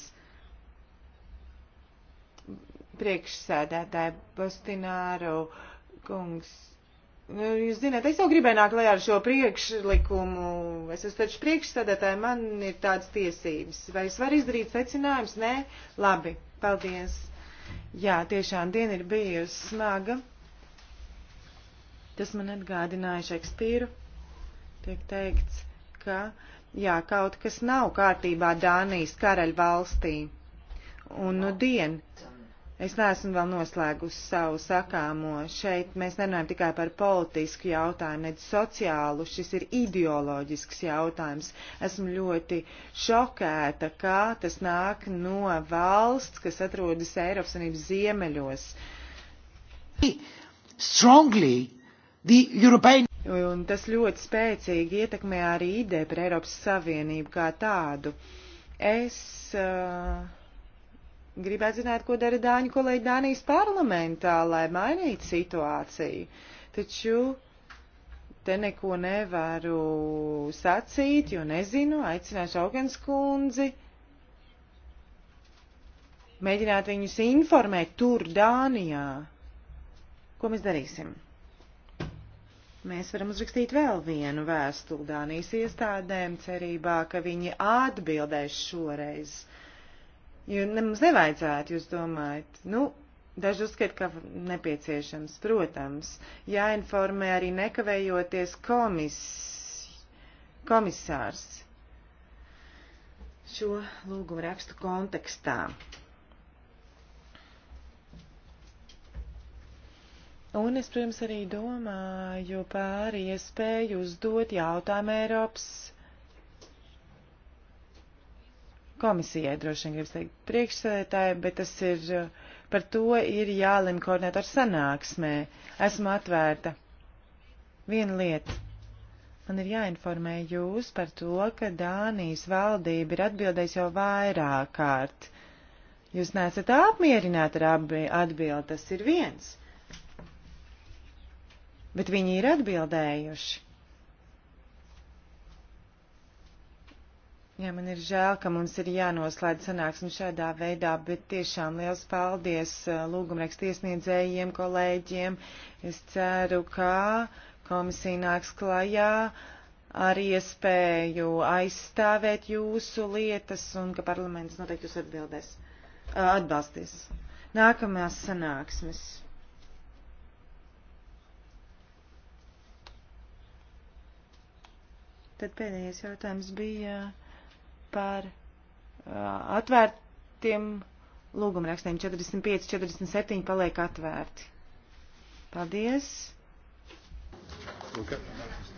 Priekšsēdētāja Bostināru kungs Nu, jūs zināt, es jau gribēju nākt lejā ar šo priekšlikumu. Es esmu taču priekšstādātāja, man ir tādas tiesības. Vai es varu izdarīt secinājumus? Nē, labi, paldies. Jā, tiešām diena ir bijusi smaga. Tas man atgādināja Šekspīru. Tiek teikts, ka jā, kaut kas nav kārtībā Dānijas karaļvalstī. Un nu dien Es neesmu vēl noslēgusi savu sakāmo. Šeit mēs nerunājam tikai par politisku jautājumu, nedz sociālu. Šis ir ideoloģisks jautājums. Esmu ļoti šokēta, kā tas nāk no valsts, kas atrodas Eiropas Unības ziemeļos. Strongly, the European... Un tas ļoti spēcīgi ietekmē arī ideju par Eiropas Savienību kā tādu. Es. Uh, gribētu zināt, ko dara Dāņu kolēģi Dānijas parlamentā, lai mainītu situāciju. Taču te neko nevaru sacīt, jo nezinu, aicināšu Augens kundzi. Mēģināt viņus informēt tur, Dānijā. Ko mēs darīsim? Mēs varam uzrakstīt vēl vienu vēstuli Dānijas iestādēm, cerībā, ka viņi atbildēs šoreiz. Uh, Jo ne, mums nevajadzētu, jūs domājat. Nu, daži uzskat, ka nepieciešams, protams, jāinformē arī nekavējoties komis, komisārs šo lūgumu rakstu kontekstā. Un es, protams, arī domāju pāri iespēju uzdot jautājumu Eiropas Komisijai droši vien gribas teikt priekšsēdētāji, bet tas ir, eh, par to ir jālem koordinēt ar sanāksmē. Esmu atvērta. Viena lieta. Man ir jāinformē jūs par to, ka Dānijas valdība ir atbildējusi jau vairāk kārt. Jūs neesat apmierināti ar atbildi, tas ir viens. Bet viņi ir atbildējuši. Jā, man ir žēl, ka mums ir jānoslēdz sanāksme šādā veidā, bet tiešām liels paldies uh, lūgumrakstu iesniedzējiem, kolēģiem. Es ceru, ka komisija nāks klajā ar iespēju aizstāvēt jūsu lietas un ka parlaments noteikti jūs atbildēs, uh, atbalstīs. Nākamās sanāksmes. Tad pēdējais jautājums bija par uh, atvērtiem lūgumrakstiem. 45, 47 paliek atvērti. Paldies! Okay.